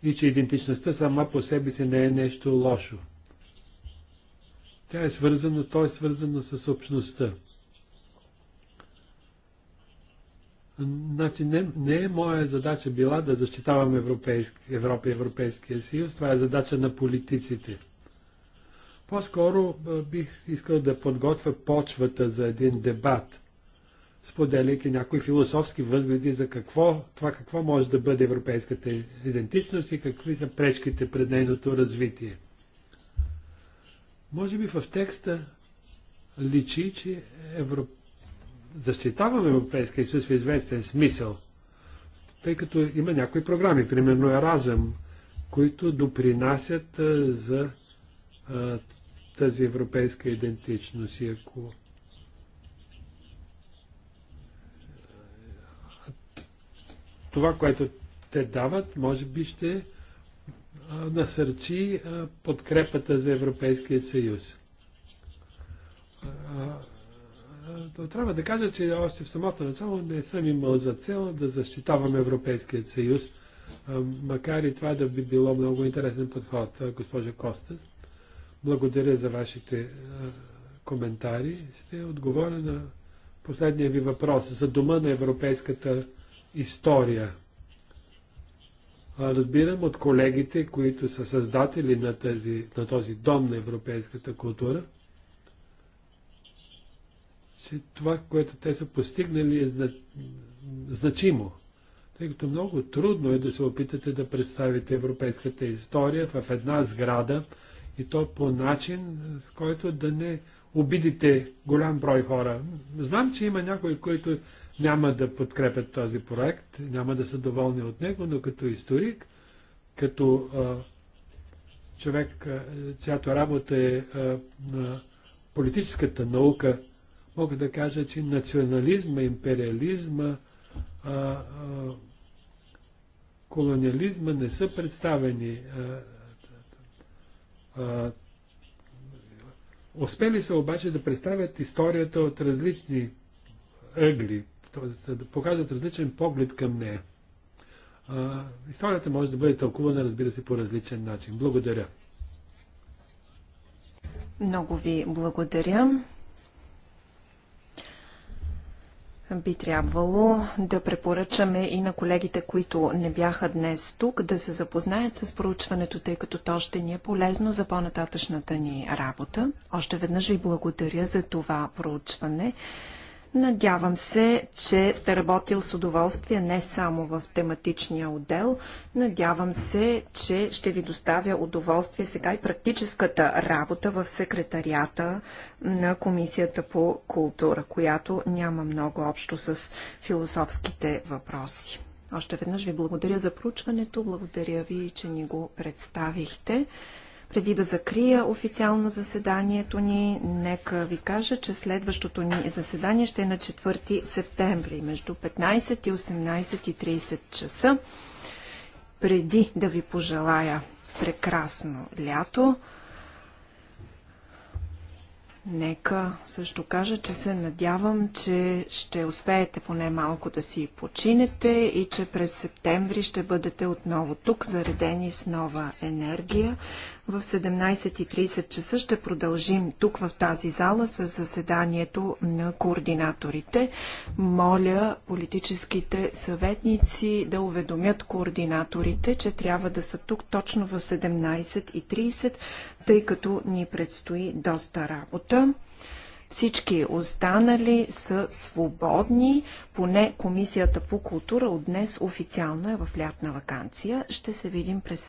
и че идентичността сама по себе си не е нещо лошо. Тя е свързана, то е свързано с общността. Значи не, не е моя задача била да защитавам Европейски, Европа и Европейския съюз, това е задача на политиците. По-скоро бих искал да подготвя почвата за един дебат – споделяйки някои философски възгледи за какво, това какво може да бъде европейската идентичност и какви са пречките пред нейното развитие. Може би в текста личи, че Европ... защитаваме Европейския съюз в известен смисъл, тъй като има някои програми, примерно Еразъм, които допринасят за тази европейска идентичност. И ако това, което те дават, може би ще насърчи подкрепата за Европейския съюз. трябва да кажа, че още в самото начало не съм имал за цел да защитавам Европейският съюз, макар и това да би било много интересен подход, госпожа Костас. Благодаря за вашите коментари. Ще отговоря на последния ви въпрос за дома на Европейската история. Разбирам от колегите, които са създатели на, тази, на този дом на европейската култура, че това, което те са постигнали е значимо. Тъй като много трудно е да се опитате да представите европейската история в една сграда и то по начин, с който да не обидите голям брой хора. Знам, че има някои, които няма да подкрепят този проект, няма да са доволни от него, но като историк, като а, човек, а, чиято работа е а, на политическата наука, мога да кажа, че национализма, империализма, а, а, колониализма не са представени. А, а, успели са обаче да представят историята от различни ъгли, т.е. да покажат различен поглед към нея. А, историята може да бъде тълкувана, разбира се, по различен начин. Благодаря. Много ви благодаря. би трябвало да препоръчаме и на колегите, които не бяха днес тук, да се запознаят с проучването, тъй като то ще ни е полезно за по-нататъчната ни работа. Още веднъж ви благодаря за това проучване. Надявам се, че сте работил с удоволствие не само в тематичния отдел. Надявам се, че ще ви доставя удоволствие сега и практическата работа в секретарията на Комисията по култура, която няма много общо с философските въпроси. Още веднъж ви благодаря за проучването, благодаря ви, че ни го представихте. Преди да закрия официално заседанието ни, нека ви кажа, че следващото ни заседание ще е на 4 септември между 15 и 18.30 часа. Преди да ви пожелая прекрасно лято, Нека също кажа, че се надявам, че ще успеете поне малко да си починете и че през септември ще бъдете отново тук, заредени с нова енергия. В 17.30 часа ще продължим тук в тази зала с заседанието на координаторите. Моля политическите съветници да уведомят координаторите, че трябва да са тук точно в 17.30, тъй като ни предстои доста работа. Всички останали са свободни, поне Комисията по култура от днес официално е в лятна вакансия. Ще се видим през